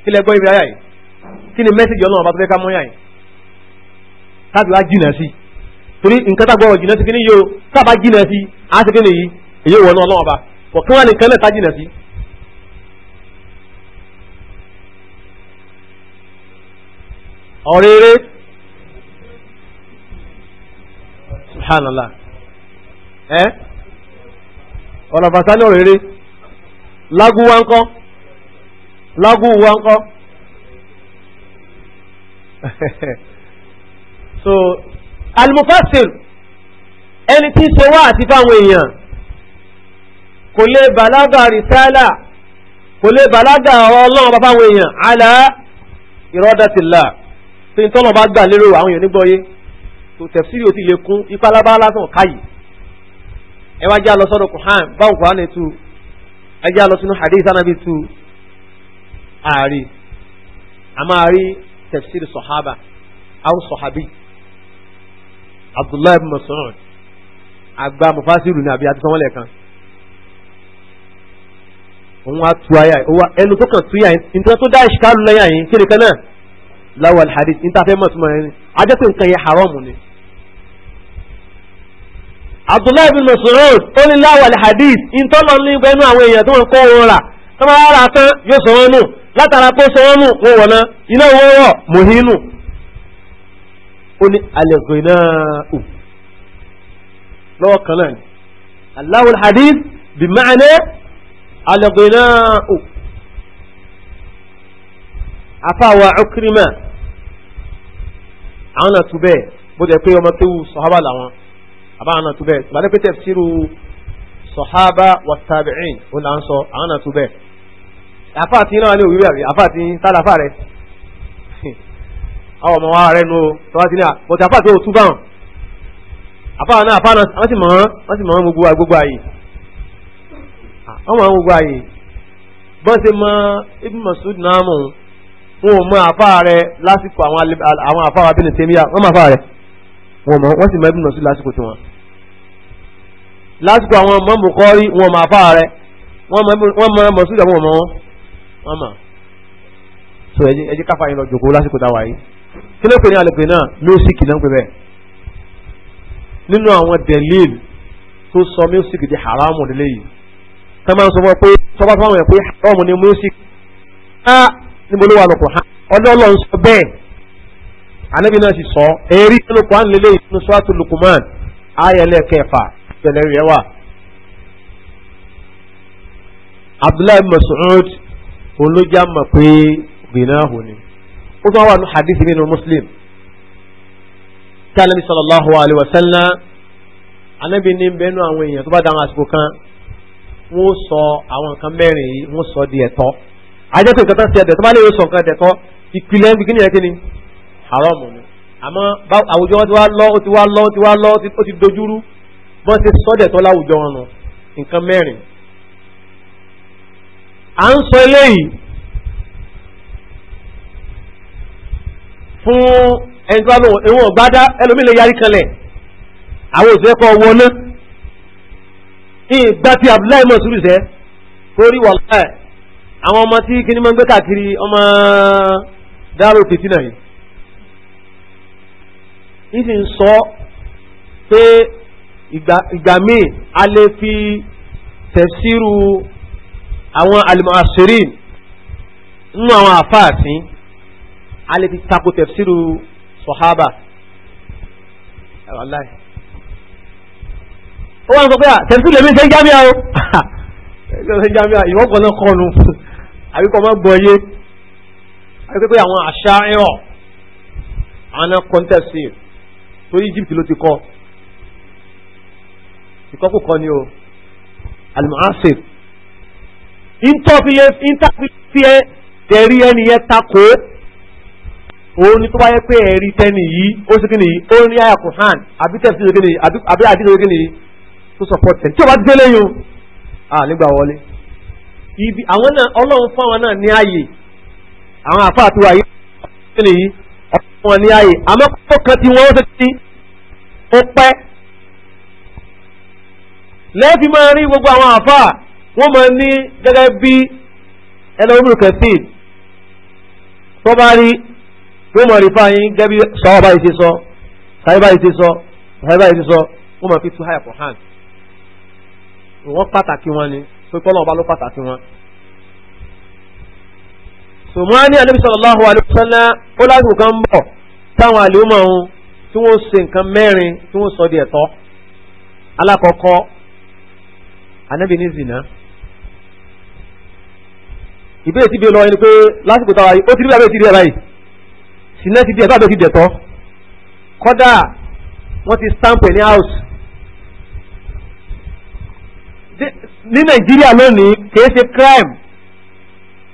kí lẹ ibi ayá yìí kí ni ọba tó fẹ́ ká mọ́ yìí káàbí wá jìnà sí torí nǹkan tágbọ́ ọ̀rọ̀ jìnà sí kíní yóò káàbá jìnà sí á sí kíní yìí èyí ọba kò kí wọ́n ní kẹ́lẹ̀ tá jìnà sí. eré subhanallah eh? ọ̀nà fàṣánì òrèrè lágùwá ńkọ́ lágùwá ńkọ́ so almufasir ẹni tí ń ṣe wá àti fáwọn èèyàn kò lè bàlágà rìsálà kò lè bàlágà ọ̀rọ̀ ọlọ́run bá fáwọn èèyàn àlá ìrọ́dàtìlá tí ń tọ́nà bá gbà lérò àwọn èèyàn nígbọ́yé tó tẹ̀sírí ò ti lè kún ipá lábá lásán káyìí ẹ wá jẹ́ àlọ́ sọ́dọ̀ Qur'an báwo Qur'an lè tu ẹ jẹ́ àlọ́ sínú hadith anabi tu ààrí a máa rí tafsir sahaba aw sahabi Abdullahi ibn Mas'ud àgbà mufasiru ní àbí àti sanwó-ẹ̀lẹ̀ kan òun á tu aya yìí ẹnu tó kàn tu yà yìí nítorí tó dá ìṣìkà lọ́yà yìí kéde kan náà láwọn alhadith níta fẹ́ mọ̀ tó mọ̀ yẹn ni ajẹ́ pé nǹkan yẹn haram ni abdullahi bin masurud ó ní láwà hadith ìtọ́nà ní gbẹ́nu àwọn èèyàn tó wọ́n kọ́ wọn rà tó máa rà tán yóò sọ wọn nù látara kó sọ wọn nù wọn wọ̀ náà iná wọn wọ̀ mohinu ó ní alẹ́gbẹ̀ náà ò lọ́wọ́ kan náà ni aláwọ̀ hadith bí ma'ana alẹ́gbẹ̀ ọkùnrin mẹ́ àbáwọn náà tún bẹ́ẹ̀ tìbálẹ́ pé tẹ̀síru sọ̀hábà wàtàbíìn ó là ń sọ àwọn náà tún bẹ́ẹ̀ àfáà tí náà ní òwúrò àbí àfáà tí sálà fà rẹ̀ àwọn ọmọ wa rẹ̀ nu tọ́wá ti ní àbọ̀tí àfáà tí ó tú báwọn àfáà náà àfáà náà wọ́n sì mọ̀ wọ́n sì mọ̀ gbogbo gbogbo àyè wọ́n mọ̀ gbogbo àyè bọ́n ṣe ibi Masud náà mọ̀ wọn ò mọ àfáà rẹ̀ lásìkò àwọn àfáà wa bí ní tèmíyà wọ́n mọ̀ àfáà rẹ̀ wọn mọ wọn sì mọ ibùnà sí lásìkò tiwọn lásìkò àwọn ọmọ bùkọ́rí wọn mọ àfáà rẹ wọn mọ mọ síjà wọn mọ wọn wọn mọ so ẹ jẹ́ káfa yín lọ jòkó lásìkò táwa yìí kí ló pè ní àlèpè náà mísíkì náà ń pè bẹ́ẹ̀ nínú àwọn delil tó sọ mísíkì di haramu nílé yìí tá máa ń sọ fún ọ pé tọ́ba fún àwọn ẹ̀ pé haramu ni mísíkì á níbo ló wà lọ́kọ̀ ha ọlọ́ọ̀lọ́ ń sọ bẹ́ẹ̀ anabi náà sì sọ ẹ̀rí nínú kwan lélẹ̀ ìfúnnu sọ́ọ́tù lukuman ayẹlẹ̀ kẹfà tẹ̀lé rẹ̀ wà. abdullahi mas'ud olójà mọ̀ pé gbìnàhùn ni ó tún wà ní hadith nínú muslim tí anabi alayhi wa sallam anabi ní bẹ́ẹ̀nu àwọn èèyàn tó bá dáhùn àsìkò kan wọ́n sọ àwọn nǹkan mẹ́rin yìí wọ́n sọ di ẹ̀tọ́ ajẹ́pẹ̀ nǹkan tó ń ṣe ẹ̀dẹ̀tọ́ bá lè sọ nǹkan ẹ̀dẹ̀tọ́ ìpìlẹ̀ bí kí ẹ̀ kí ni haramu ni àmọ́ àwùjọ wọn ti wá lọ ó ti wá lọ ó ti wá lọ ó ti dojúrú bọ́n ṣe sọ́dẹ̀ tó láwùjọ wọn nù nǹkan mẹ́rin à ń sọ eléyìí fún ẹni tó bá lọ ìwọ̀n gbádá ẹlòmíì lè yarí kanlẹ̀ àwọn òṣèré kọ́ wọlé ìgbà tí Abdullahi Mọ̀súrù sẹ́ torí wàhálà àwọn ọmọ tí kìnnìmọ̀ ń gbé káàkiri ọmọ dárò fìtínà yìí ìsì ń sọ pé ìgbà míì a lè fi tẹ̀síru àwọn al-mu'asirin nínú àwọn àfáàsìn a lè fi tako tẹ̀síru sọ̀hábà wàláhì ó wà ń sọ pé à ah, tẹ̀síru lèmi ṣe ń jámíà o ṣe ń náà kọ́ nu àbíkọ́ mọ́ gbọ́ yé àbíkọ́ pé àwọn àṣà ẹ̀rọ àwọn náà kọ́ńtẹ̀síru torí Egypt ló ti kọ́ ìkọ́kù kọ́ ni o almuhasib intafiye tẹ̀rí ẹni yẹn takò òun ni tó bá yẹ pé ẹ̀rí tẹ́ni yìí ó sì kí nìyí ó ní àyà Qur'an àbí tẹ̀sí ló kí nìyí àbí àdìsí ló kí nìyí tó support tẹ̀ tí o bá délé yìí o à nígbà wọlé ibi àwọn náà ọlọ́run fún àwọn náà ní ààyè àwọn àfáà tó wà yìí wọn ní ààyè àmọ́ kókó kan tí wọ́n ó tẹ́tí ó pẹ́ lẹ́ẹ̀fì máa rí gbogbo àwọn àfáà wọ́n máa ní gẹ́gẹ́ bí ẹlẹ́wọ̀n kẹsìn tó bá rí wọ́n máa rí fáyín gẹ́gẹ́ bí sọ́wọ́ báyìí ti sọ sáré báyìí ti sọ sáré báyìí ti sọ wọ́n máa fi tú háyà pọ̀ hàn wọ́n pàtàkì wọn ni pé kọ́lọ́ọ̀ ló pàtàkì wọn so mo ní Ànábì sallallahu alaihi wasallam ó lásìkò kan ń bọ̀ táwọn àlùmọ̀ ohun tí wọ́n ṣe nǹkan mẹ́rin tí wọ́n sọ di ẹ̀tọ́ alákọ̀ọ́kọ́ Ànábì ní zina ìbéèrè ti bí lọ ẹni pé lásìkò táwa yìí ó ti rí abẹ́ ti rí ẹ̀ báyìí sinẹ́ ti di ẹ̀ bábẹ́ ti dẹ̀tọ́ kọ́dà wọ́n ti stamp ẹ̀ ní house ní Nàìjíríà lónìí kìí ṣe crime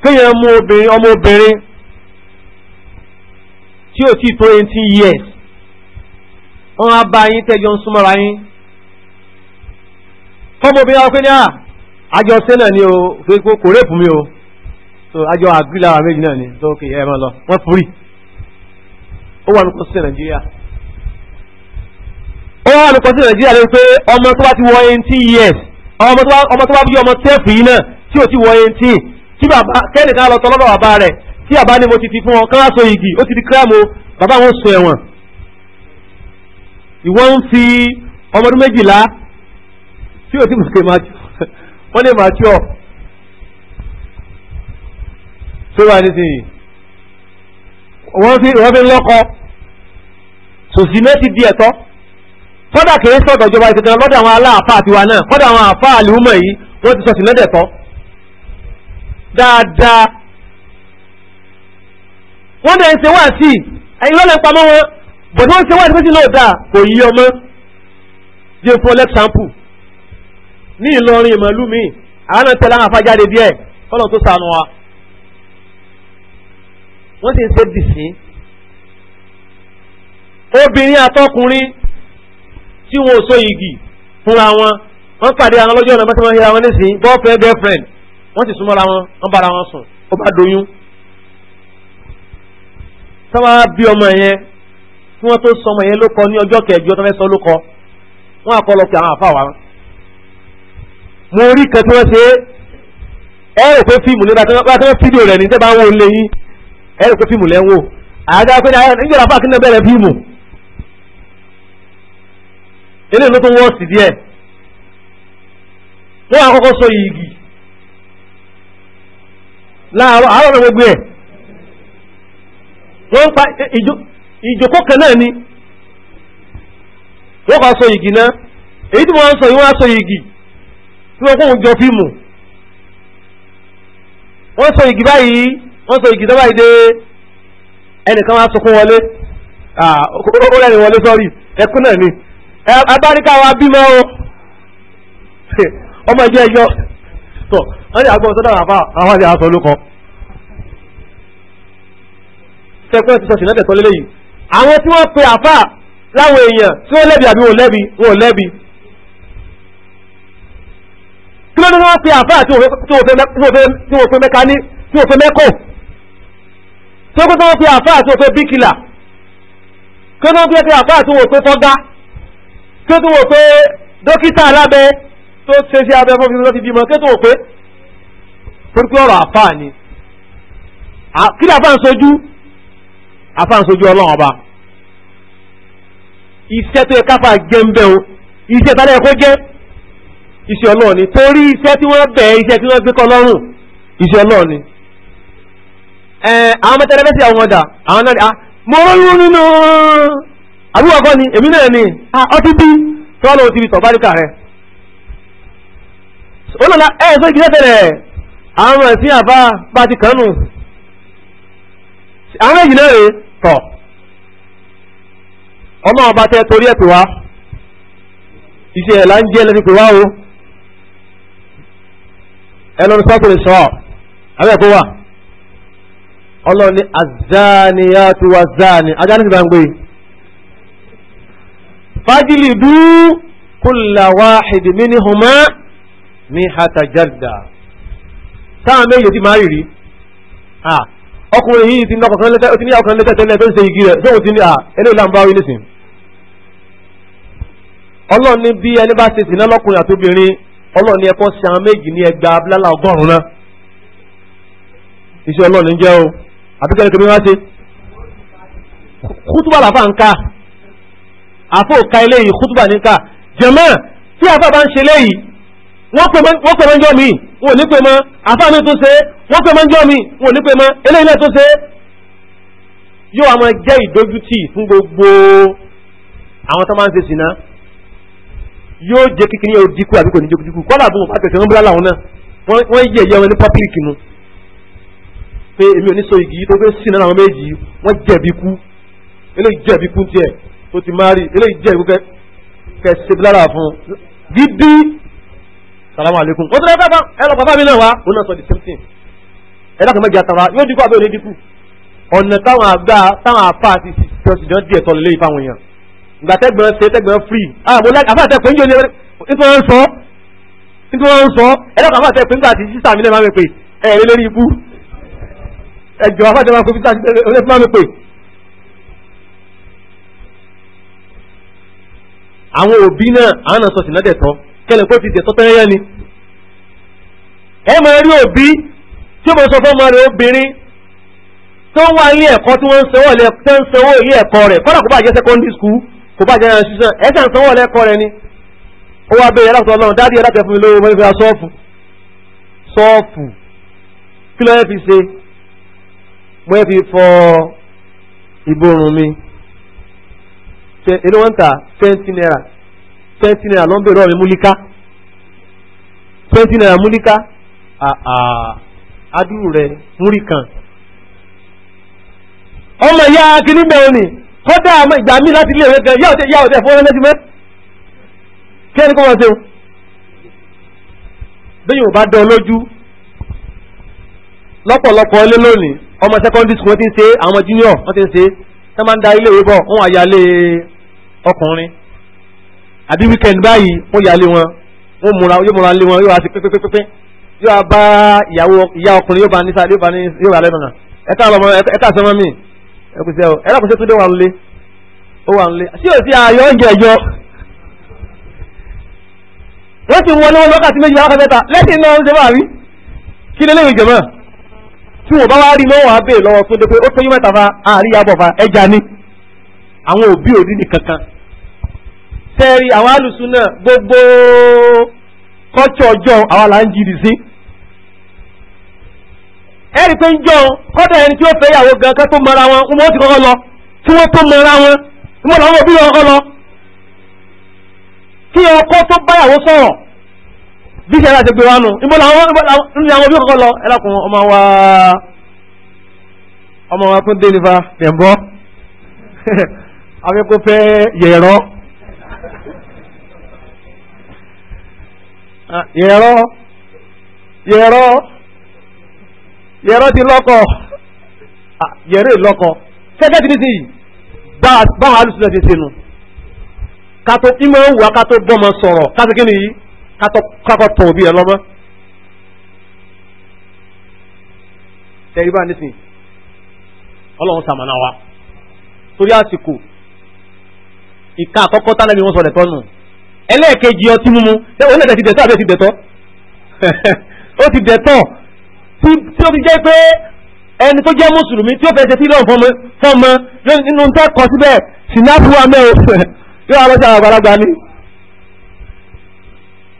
kéèyàn mú obìnrin ọmọbìnrin tí ò tí tó eighteen years wọn á bá yín tẹjọ ń súnmọ́ra yín fọmọbìnrin àwọn pé ní à àjọṣe náà ni o kò rèpù mi o so àjọ àgbìlára méjì náà ni so ok ẹ máa lọ wọn fúri ó wà ní kọsí nàìjíríà ó wà ní kọsí nàìjíríà lórí pé ọmọ tó bá ti wọ eighteen years ọmọ tó bá bí ọmọ twelve yìí náà tí ò ti wọ eighteen tí bàbá kẹ́nìkan lọ tọ́lọ́dọ̀ bàbá rẹ̀ tí bàbá ni mo ti fi fún ọ káwá so igi ó ti di kíráàmù bàbá wọn so ẹ̀wọ̀n ìwọ ń fi ọmọdún méjìlá tí o ti mọ̀ pé máa tí wọ́n lè máa tí ọ̀ tó wà nísìnyí wọ́n fi wọ́n fi lọ́kọ sòsìmẹ́ ti di ẹ̀tọ́ kọ́dà kìí sọ̀tọ̀ ìjọba ìṣẹ̀dá lọ́dọ̀ àwọn aláàfáà tiwa náà kọ́dà àwọn àfáà àlùmọ̀ yìí wọ́n ti sọ̀sìmẹ́ dẹ̀tọ́ dáadáa wọ́n dẹ̀ ń ṣe wá sí ẹ̀yin lọ́lẹ̀ pamọ́ wọn bọ̀ tí wọ́n ń ṣe wá sí pé tí náà dáa kò yí ọmọ jẹ́ for example ní Ìlọrin ìmọ̀lú mi àwọn náà tẹ̀lé àwọn afájáde díẹ̀ kọ́nà tó sànù wa wọ́n sì ń ṣe dìsín obìnrin àtọkùnrin tí wọn ò so igi fúnra wọn wọ́n pàdé àwọn ọlọ́jọ́ ọ̀nà mọ́tò wọn yẹra wọn nísìnyí boyfriend girlfriend wọ́n ti súnmọ́ra wọn wọ́n bára wọn sùn ó bá doyún sábà bí ọmọ yẹn kí wọ́n tó sọ ọmọ yẹn ló kọ ní ọjọ́ kẹjọ tó fẹ́ sọ ló kọ wọ́n àkọlọ pé àwọn àfáà wa mo rí kan tí wọ́n ṣe ẹ rò pé fíìmù lé bá tí wọ́n fídíò rẹ̀ ní tẹ́ bá ń wo ilé yín ẹ rò pé fíìmù lẹ́ ń wò àdá pé níjọba fáà kí ní bẹ̀rẹ̀ fíìmù eléyìí ló tún wọ́ọ̀sì díẹ̀ wọ́n àkọ́kọ́ sọ yìí láàárọ̀ àárọ̀ náà gbogbo ẹ̀ wọ́n ń pa ìjòkó kan náà ni wọ́n kọ́ sọ yìgì náà èyí tí wọ́n sọ yìí wọ́n sọ yìgì tí wọ́n kóhun jọ fíìmù wọ́n sọ yìgì báyìí wọ́n sọ yìgì dábàá ìdè ẹnìkan wá sunkún wọlé kókó lẹ́yìn wọlé sọ́rí ẹkún náà ni abáríkà wa bímọ ọmọ ìjọ ẹjọ wọ́n ní àgbọ̀n sọ́dọ̀ àfa àwọn àti àsọ olókọ. sẹ́kọ̀ọ́ ti sọ sí lẹ́tẹ̀ẹ́ tọ́lélẹ́ yìí àwọn tí wọ́n pe àfa láwọn èèyàn tí wọ́n lẹ́bi àbí wọn lẹ́bi wọn lẹ́bi. kí ló dé wọ́n pe àfa tí wọ́n pe mẹ́kání tí wọ́n pe mẹ́kọ̀ tó kó tó wọ́n pe àfa tí wọ́n pe bíkìlà kí ló dé wọ́n pe àfa tí wọ́n pe fọ́gá kí ló dé wọ́n pe dókítà alábẹ́ tó ṣe sí abẹ́ fún mi lọ́ti bímọ kí ló dé wọ́n pe torí pé ọ̀rọ̀ àfáà ni kí ni àfáà ń sojú àfáà ń sojú ọlọ́run ọba iṣẹ́ tó yẹ káfà jẹ́ ń bẹ̀ o iṣẹ́ tálẹ̀ kó jẹ́ iṣẹ́ ọlọ́run ni torí iṣẹ́ tí wọ́n bẹ̀ iṣẹ́ tí wọ́n gbé kọ́ lọ́rùn iṣẹ́ ọlọ́run ni àwọn mẹ́tẹ́rẹ́ bẹ́sẹ̀ àwọn ọ̀dà àwọn náà mo rọ́lú nínú àbúrò ọkọ ni èmi náà ni ọtí bí tọ́lọ́ ti fi tọ̀ bá dúkà rẹ̀ ó lọ́la ẹ̀ sọ ìgbésẹ̀ rẹ̀ àwọn ẹ̀sìn àbá bá ti kànú àwọn èyí náà rèé tọ̀ ọmọ ọba tẹ torí ẹ̀ pè wá iṣẹ́ ẹ̀ là ń jẹ́ lẹ́ni pè wá o ẹlọ́run sọ́kùnrin sọ abẹ́ kó wà ọlọ́run ní azaniyatu wa zani ajá ní ti bá ń gbé fájìlì dúú kulla ní hatajarda táwọn méjì ti máa rìrì ọkùnrin yìí ti lọ́kọ̀ kan lẹ́tẹ̀ ó ti níyàwó kan lẹ́tẹ̀ tẹ́lẹ̀ tó ń ṣe igi rẹ̀ tóun ti ní eléyìí là ń bá wí nísìn. ọlọ́run ní bí ẹni bá ṣe sìnà lọ́kùnrin àtòbìnrin ọlọ́run ní ẹ̀kọ́ ṣe àwọn méjì ní ẹgbà abúlálà ọgọ́rùn-ún náà. iṣẹ́ ọlọ́run ní jẹ́ o àbíkẹ́ ẹ̀kọ́ bí wọ́n ṣe. kútùbà làfà ń ka àfọ̀ eléyìí kútùbà ní ka jẹ̀mọ́ tí àfọ̀ bá ń ṣe eléyìí wọ́n pè mọ́ jọ́ mi wọ́n ní pè mọ́ àfáàmì tó ṣe wọ́n pè mọ́ jọ́ mi wọ́n ní pè mọ́ eléyìnlẹ̀ tó ṣe yóò wá máa jẹ́ ìdójútì fún gbogbo àwọn tó máa ń ṣe sìná yóò jẹ́ kíkiri yóò dínkù àbí kò ní jókòó dínkù kọ́lá àbúrò pàtẹ́sẹ̀ wọn búra làwọn náà wọ́n yí ẹ̀yẹ wọn ní pọ́pílìkì nu pé èmi ò ní so igi tó fẹ́ sìná làwọn méjì wọ́n jẹ̀bi kú eléyìí jẹ̀bi kú tiẹ̀ tó ti máa rí eléyìí jẹ̀bi kú kẹ́ ṣe bí lára fún gidi salamu alaikum ó tẹ́lẹ̀ bàbá ẹlọ bàbá mi náà wá òun náà sọ the same thing ẹlọ́kà mẹ́jì àtàrà yóò dínkù àbẹ́ òní dínkù ọ̀nà táwọn àgbà táwọn àfà àti ìjọsìjọ́ díẹ̀ tọ́ lélẹ́yìn fáwọn èèyàn ìgbà tẹ́gbẹ̀rẹ́ ṣe tẹ́gbẹ̀rẹ́ free ah mo láì àfà àtẹ́pẹ́ níjọ́ nítorí wọ́n sọ nítorí wọ́n sọ ẹlọ́kà àfà àtẹ́pẹ́ nígbà àti sísà mi lẹ́ẹ̀ máa mi pè ẹ̀ ẹ̀ lórí ikú ẹ̀jọ̀ àfà àtẹ́pẹ́ máa kó sísà mi máa mi pè àwọn òbí náà àwọn náà sọ sí náà dẹ̀ tán kẹlẹ̀ pé ti tẹ̀ tọ́tẹ́ yẹn ni. ẹ máa rí òbí tí mo sọ fún ọmọ rẹ̀ obìnrin tó ń wá ilé ẹ̀kọ́ tí wọ́n ń sanwó ilé tó ń sanwó ilé ẹ̀kọ́ rẹ̀ kọ́dà kó bá jẹ́ secondary school kó bá jẹ́ ẹran ṣiṣan ẹ̀ sàn sanwó ilé ẹ̀kọ́ rẹ̀ ni. ó wá bẹ̀rẹ̀ alákòóso ọlọ́run dáàdi ẹ̀ láti fún mi lówó mo fi ra sọ́ọ̀fù sọ́ọ̀fù kí ló yẹ fi ṣe mo yẹ fi fọ ìborùn mi inú wọn ta twenty naira twenty naira ló ń bèrè ọ̀rẹ́ múlíká twenty naira múlíká adúrú rẹ̀ múrí kan. ọmọ ìyá kìíní bẹ́ẹ̀ ni kọ́dà ìgbà mi láti ilé ìwé kan yá ọ̀tẹ̀ yá ọ̀tẹ̀ fún ọ̀rẹ́ lẹ́sìmẹ́ kẹ́ni kọ́ wọn ṣe o bí yóò bá dán lójú lọ́pọ̀lọpọ̀ ilé lónìí ọmọ secondary school wọ́n ti ń ṣe àwọn junior wọ́n ti ń ṣe tán máa ń da ilé ìwé bọ̀ wọ́n wà yálé ọkùnrin àbí weekend báyìí wọ́n yà lé wọn wọ́n múra yóò múra lé wọn yóò wá sí pépépépé yóò wá bá ìyàwó ìyá ọkùnrin yóò bá ní sáà yóò bá ní yóò wá lẹ́nu náà ẹ ká lọ́mọ ẹ ká sọmọ mi ẹ kù sí ẹ o ẹ lọ́kùnrin tó dé wà lé ó wà lé sí òsì ayọ̀ oúnjẹ ẹ̀jọ́ wọ́n ti wọlé wọn lọ́kàtí méjì láwọn mẹ́ta lẹ́sìn náà ń ṣe bá rí kí lé léwu jẹ̀mọ́ tí wọ́n bá wá rí lọ́wọ́ abẹ́ lọ́wọ́ tó dé pé ó tó yí mẹ́ta fa àríyá bọ̀ fa ẹja ni àwọn òbí òdí nìkankan tẹ́rí àwọn alùsùn náà gbogbo kọ́tù ọjọ́ àwọn là ń jìrì sí. ẹ rí i pé ń jọ kọ́dà ẹni tí ó fẹ́ ìyàwó gan ká tó mọra wọn wọn ti kọ́kọ́ lọ tí wọ́n tó mọra wọn wọn làwọn òbí wọn kọ́ lọ. kí ọkọ tó báyàwó sọ̀rọ̀ bí ṣe láti gbé wa nù ìbò làwọn òbí kọ́kọ́ lọ ẹ lákùn ọmọ wa ọmọ wa kún dé nípa tẹ̀ ń bọ́ àfikún fẹ́ yẹ̀rọ. Ah, yẹ̀rọ yẹ̀rọ yẹ̀rọ ti lọ́kọ ah, yẹ̀rọ ìlọ́kọ gẹ́gẹ́ bí nísìnyí báwọn alùsùn ti sinú kátó ìmọ̀ òwúwa kátó bọ́mọ sọ̀rọ̀ kátó kí ni yìí kátó kákọ̀ tọ̀ òbí ẹ lọ́mọ. tẹ̀rí bá nísìnyí ọlọ́run sàmànà wa torí àsìkò ìka àkọ́kọ́ tálẹ́mi wọn sọ̀rọ̀ ẹ̀tọ́ nù ẹlẹ́ẹ̀kejì ọtí mímu ó lẹ́tẹ̀ ti dẹ̀tọ́ àbí ó ti dẹ̀tọ́ ó ti dẹ̀tọ́ tí ó ti jẹ́ pé ẹni tó jẹ́ mùsùlùmí tí ó fẹ́ ṣe sí lọ́n fọ́mọ nínú tẹ́ kọ síbẹ̀ sinapu amẹ́ yóò wá lọ́sẹ̀ àgbàlagbà ni.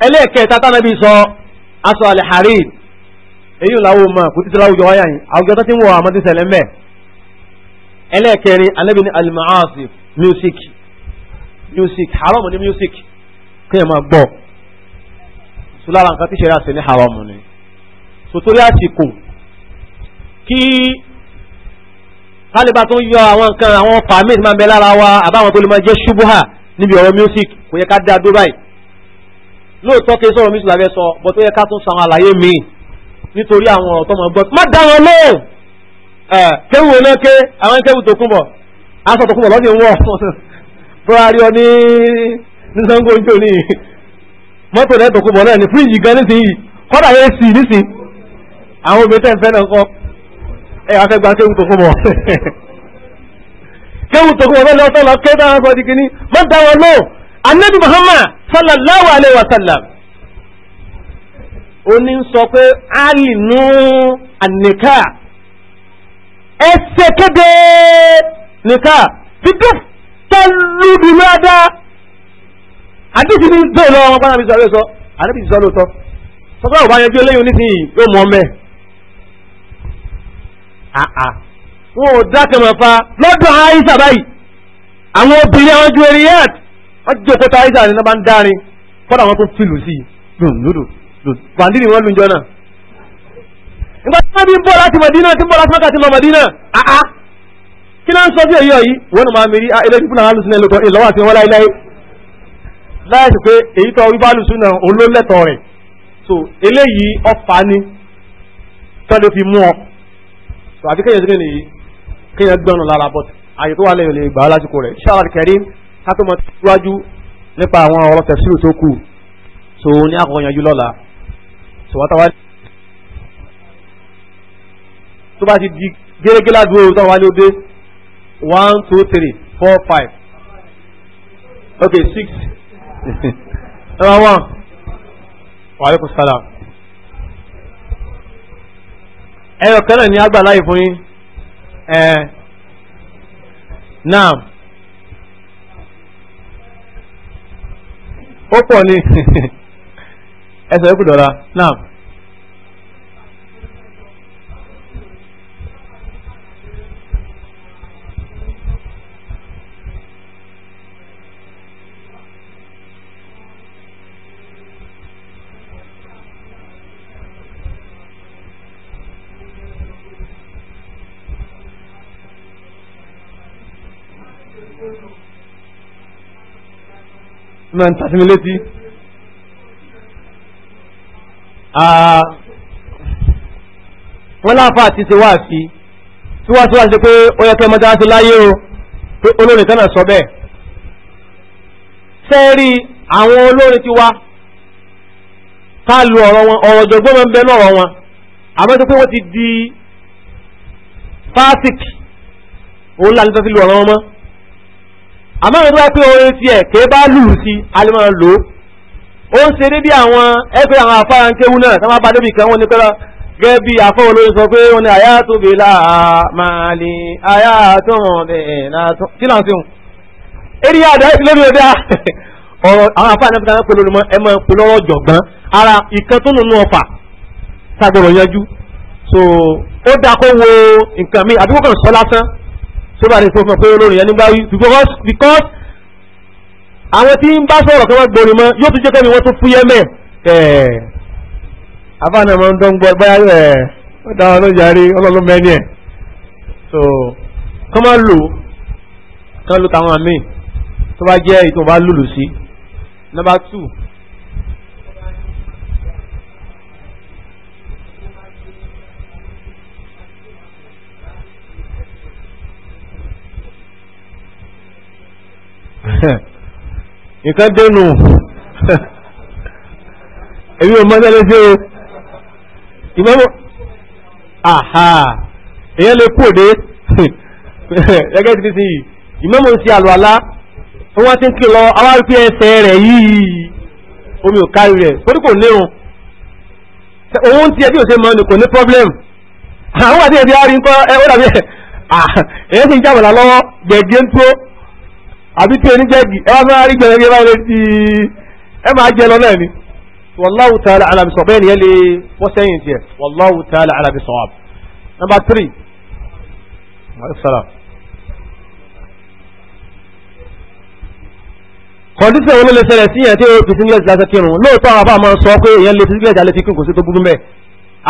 ẹlẹ́ẹ̀kẹta tánàbí sọ aṣọ àlẹ́hàrí èyí làwọn ọmọ kò títí láwùjọ wáyà yìí àwùjọ tó ti ń wọ àmọ́ ti ṣẹlẹ̀ mẹ́ ẹlẹ́ẹ̀kẹrin alẹ́bí ni alimaasi music music haram ni music kéèyàn máa gbọ́ sùlára nǹkan tí ṣẹlẹ̀ àṣẹ ní haramu ni sotori àsìkò kí kálíbà tó ń yọ àwọn nǹkan àwọn fàmíì tí máa ń bẹ lára wa àbáwọn tó lè máa jẹ́ ṣubúhà níbi ọ̀rọ̀ music kò yẹ ká dá dó báyìí lóòótọ́ kí sọ̀rọ̀ music làbẹ́ sọ bọ́ tó yẹ ká tún sọ àwọn àlàyé míì nítorí àwọn ọ̀rọ̀ tó máa gbọ́ má dá wọn lóhùn kéwù onáké àwọn kéwù tó kún bọ̀ aṣọ tó kún bọ̀ lọ́dún wọ̀ bọ́ra ní sango ìjọ ní mọ́tò rẹ̀ tòkú bọ̀ náà ní fíríjì gan nísìnyí kọ́dà yẹn sì nísìn àwọn obìnrin tẹ̀ ń fẹ́ náà kọ́ ẹ wàá fẹ́ gba kéwù tòkú bọ̀ kéwù tòkú bọ̀ bẹ́ẹ̀ lọ́sọ̀ lọ kéwù táwọn sọ di kínní mọ́ da wọn lọ anabi muhammad sallallahu alayhi wa sallam ó ní sọ pé alinu anika ẹsẹ kéde nika fituf tẹludulada àdìsí ní tó lọ wọn bára mi sọ àrẹ́sọ àrẹ́bí ti sọ lóòótọ́ sọ́kọ́ ọ̀bá yẹn bí eléyìí nísìnyí yóò mọ ọmọ ẹ̀ àà wọn ò dákẹ́ mọ̀ fa lọ́dọ̀ àìsà báyìí àwọn obìnrin àwọn ju eriyat wọ́n ti jókòó ta àìsà ní bá ń dárin fọ́dọ̀ àwọn tó fìlù sí lòdòdò bàndínì wọn lùjọ náà nígbà tí wọ́n bí ń bọ̀ láti Mọ̀dínà tí ń bọ̀ láti Mọ̀kà ti lọ Mọ̀dínà àà kí náà ń sọ sí èyí ọ̀yí ìwọ́n ni màá mi rí eléyìí fún àwọn alùsùn ẹ̀ lọ́wọ́ àti wọn láéláé láìsí pé èyí tó wíbálù súnà olólẹ́tọ̀ rẹ̀ so eléyìí ọ̀fà ni tó lè fi mú ọ so àti kéèyàn sílẹ̀ nìyí kéèyàn gbọ́nù lára but àyè tó wà lẹ́yìn lè gbà á lásìkò rẹ̀ ṣáàlà kẹrí ká tó mọ síwájú nípa àwọn ọ̀rọ̀ tẹ̀síù tó kù so ní àkọ́kọ́ yanjú lọ́la so wọ́n táwa tó bá ti di gẹ́gẹ́ ládùúgbò tó wà ní òde one two three four five okay six ẹ̀rọ wọn wa alaikum salam ẹ̀rọ kan náà ní agbára yìí fún yín ẹ̀ náà ó pọ̀ ní ẹsẹ̀ ẹ̀kú dọ̀la náà. máa ń tàsí mi létí. wọ́n láǹfà àti ṣe wáàsí tí wọ́n ṣe wáàsí pé ó yẹ kẹ́ mọ́tà ṣe láyé o pé olórin kan náà sọ bẹ́ẹ̀. sẹ́ẹ̀rì àwọn olórin ti wá ká lu ọ̀rọ̀ wọn ọ̀rọ̀ jọ̀gbọ́n máa ń bẹ lọ́rọ̀ wọn àmọ́ tó pé wọ́n ti di fásitì òun là ń lu ọ̀rọ̀ wọn mọ́ àmọ́ ìlú wá pé orin ti ẹ̀ ké bá lù sí alimọ̀ lò ó ń ṣe débi àwọn ẹgbẹ́ àwọn afárá ń kéwú náà táwọn abádébì kan wọ́n ní pẹ́lá gẹ́gẹ́ bí afọ́ olórin sọ pé wọ́n ní àyà tó bè láà máa lè àyà tó hàn bẹ́ẹ̀ náà tó kí náà sí hùn. eré àdá ẹ̀ ti lórí ọdẹ ah, ọ̀rọ̀ àwọn afárá náà fi kan pẹ̀lú ẹ máa pè lọ́rọ̀ jọ̀gbọ́n ara ìkan tó nù nù ọ̀fà sagbọ̀rọ̀ yanjú so ó dáa kó wo nǹkan mi àbí kó kàn sọ lásán tó bá ní kó mọ̀ pé olórin yẹn nígbà wí because àwọn tí ń bá sọ̀rọ̀ kí wọ́n gbòòrì mọ́ yóò tún jẹ́ kẹ́mi wọ́n tún fúyẹ́ mẹ́ ẹ̀ abáná máa ń dán gbọ́ báyà ẹ̀ ó dáhùn ló yarí ọlọ́run mẹ́ni ẹ̀ so kọ́ máa lò kọ́ lò táwọn míì tó bá jẹ́ ìtàn bá lùlù sí number two. nǹkan dénú èmi ò mọ́tẹ́lẹ́ sí o ìmọ̀mọ́ àhà èyàn lè kú òde gẹ́gẹ́ ti fi sí ìmọ̀mọ́ ń ṣe àlùalá wọ́n wá ti ń kí lọ awárí pé ẹsẹ̀ rẹ̀ yìí omi ò kárí rẹ̀ torí kò léhun òun ti ẹbí òṣèlú mọ́ni kò ní problem àwọn àti ẹbí arí ń kọ́ ẹ ó dàbí ẹ̀ ẹ̀ sì ń jábọ̀lá lọ́wọ́ gbẹ̀gẹ́ ń tó àbí tí oní jẹ́gi ẹ wá fẹ́ rí gbẹ̀rẹ̀gẹ́ báyìí lè ti ẹ máa jẹ lọ náà ni wallahu ta'ala ala bisawab bẹ́ẹ̀ nìyẹn lè bọ́ sẹ́yìn tiẹ̀ wallahu ta'ala ala bisawab. number three kọ̀ndíṣẹ̀ wo ló lè ṣẹlẹ̀ sí yẹn tí ó fi sílẹ̀ jáde kírun lóòótọ́ àwọn àbá máa ń sọ pé èèyàn lè fi sílẹ̀ jáde kírun kò sí tó búburú mẹ́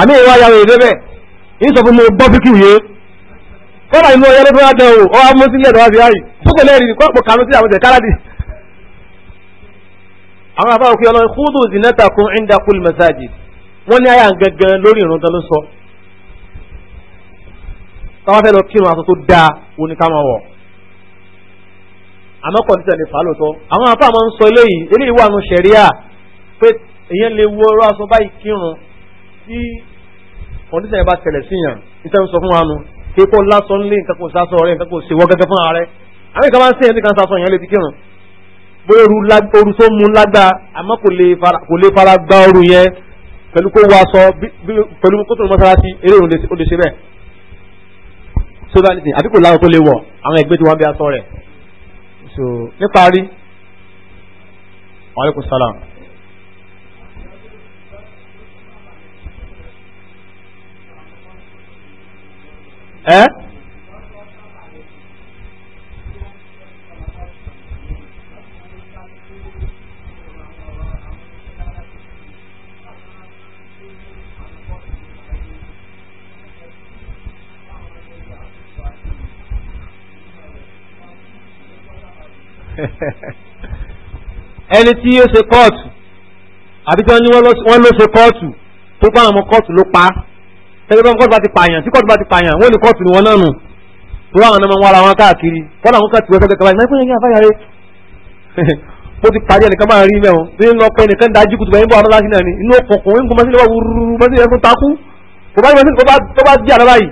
àmì ìwà yàwó ìdẹ́bẹ̀ ìsọfún mo gbọ́ kọ́lá inú ọyẹ́ ló tó wá dán o ọ wá mú sílẹ̀ tó wá fi ráyè púpọ̀ lẹ́rìí kọ́pọ̀ kanú sí àwọn ìṣẹ̀ kárádì. àwọn afáwọn òkè ọlọ́run kúndù zinata kún inda kul masajid wọ́n ní àyà gangan lórí ìrun tán ló sọ. táwọn fẹ́ lọ kírun aṣọ tó dáa oníkàmọ́ wọ̀ àmọ́ kọ̀ǹtítà ní fàálòtọ́ àwọn afá máa ń sọ eléyìí kí kó lásán lé nǹkan kó sásán rẹ nǹkan kó ṣe wọ́n gẹ́gẹ́ fún ààrẹ àwọn ìkan máa ń sèyàn nìkan sásán yẹn lè ti kírun bóyá ooru tó mú lágbá àmọ́ kò lè fara gbá ooru yẹn pẹ̀lú kó wọ aṣọ pẹ̀lú kó tó lọ mọ́sálásí eré òun ó lè ṣe bẹ́ẹ̀ sódà àbí kò láwọn tó lè wọ̀ àwọn ẹgbẹ́ tí wọ́n bí aṣọ rẹ̀ so níparí. aleykum salaam. É? ẹni tí yóò ṣe kóòtù àbí tí wọ́n ní wọ́n ló ṣe kóòtù tó bá àwọn kóòtù ló pa á ẹgbẹ́ bá kọ́ọ̀tù bá ti pààyàn tí kọ́ọ̀tù bá ti pààyàn wọ́n lè kọ́ọ̀tù ni wọ́n náà nù wọ́n àwọn ọmọ wọn ara wọn káàkiri kọ́ọ̀tù àwọn kan ti wọ́n kẹ́kẹ́ báyìí náà ìpínlẹ̀ yẹn àfáyàré bó ti parí ẹnìkan máa rí mẹ́wọ̀n bí ń lọ pé ẹnìkan dájú kutu bẹ́ẹ̀ ń bọ̀ ọmọ láti náà ni inú òkùnkùn ń gun mọ́sílẹ̀ wá wúrúrú mọ́sílẹ̀ fún takú kò bá yẹ tó bá jí àlọ́ báyìí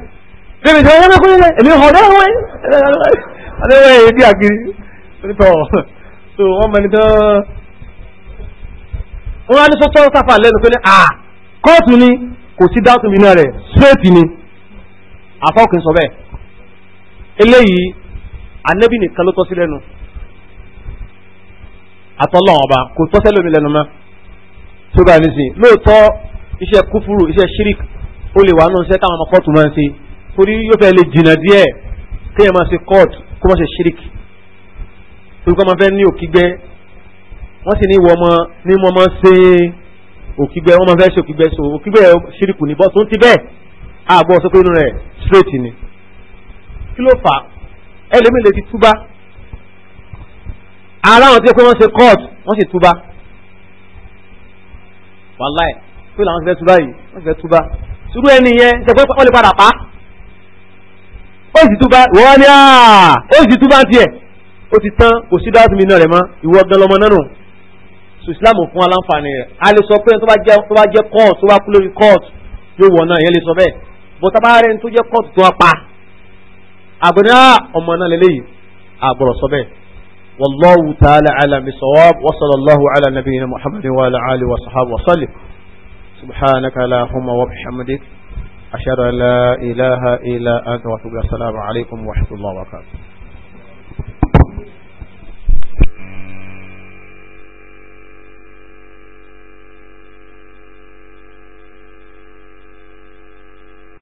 bébè sọ ẹ̀rọ kúrò èmi hàn náà wọ́n adéwọ̀ èyí dí àgiri nítọ̀ so wọ́n mẹ́ni tán wọ́n á ní sọ́tọ́ sáfà lẹ́nu pé ní à kóòtù ni kò sí dátùmí náà rẹ̀ sírètì ni àfọ́kùn sọ bẹ́ẹ̀ eléyìí anẹ́bí nìkan ló tọ́ sí lẹ́nu àtọ́lọ́wọ́n ọba kò tọ́ sẹ́lómi lẹ́nu mọ́ tó bá nísìn lóòótọ́ iṣẹ́ kúfúrú iṣẹ́ ṣíríkì ó lè wà nù iṣẹ́ táwọn ọmọ kóòtù máa ń ṣe torí yóò fẹ́ lè jìnnà díẹ̀ kéèyàn máa ṣe kóòtù kó máa ṣe ṣíríkì torí kó máa fẹ́ ní òkígbẹ́ wọ́n sì ní ìwọ ọmọ ní mo máa ṣe òkígbẹ́ wọ́n máa fẹ́ ṣe òkígbẹ́ so òkígbẹ́ ṣírìkù ní bọ́sùn ti bẹ́ẹ̀ àgbọ̀ sọ pé inú rẹ̀ straight ni kí ló fà á ẹlẹ́mìí lè ti túbá ara àwọn tí ó pé wọ́n ṣe court wọ́n sì túbá wàláì pé làwọn ti fẹ́ túbá yìí wọ́n ti fẹ́ túbá sùúrù ẹni yẹn ṣe pé wọ́n lè padà pa ó sì túbá wọ́n ní ó sì túbá tiẹ̀ ó ti tán kò sí dáàtúmí náà rẹ̀ mọ́ ìwọ gan lọmọ náà nù so islam ò fún aláǹfààní rẹ̀ a lè sọ pé tó bá jẹ́ tó bá jẹ́ court tó bá kú lórí court yóò wọ̀ náà ìyẹn lè sọ bẹ́ẹ̀ bọ́tà bá rẹ̀ tó jẹ́ court tó wá pa àgbẹ̀dá ah, ọmọ náà lélẹ́yìí àgbọ̀rọ̀ sọ bẹ́ẹ̀ wallahu ta'ala alam bisawab wa sallallahu ala nabiyyina muhammadin wa ala alihi wa sahbihi wa sallim subhanaka allahumma wa bihamdik ashhadu an la ilaha illa anta wa atubu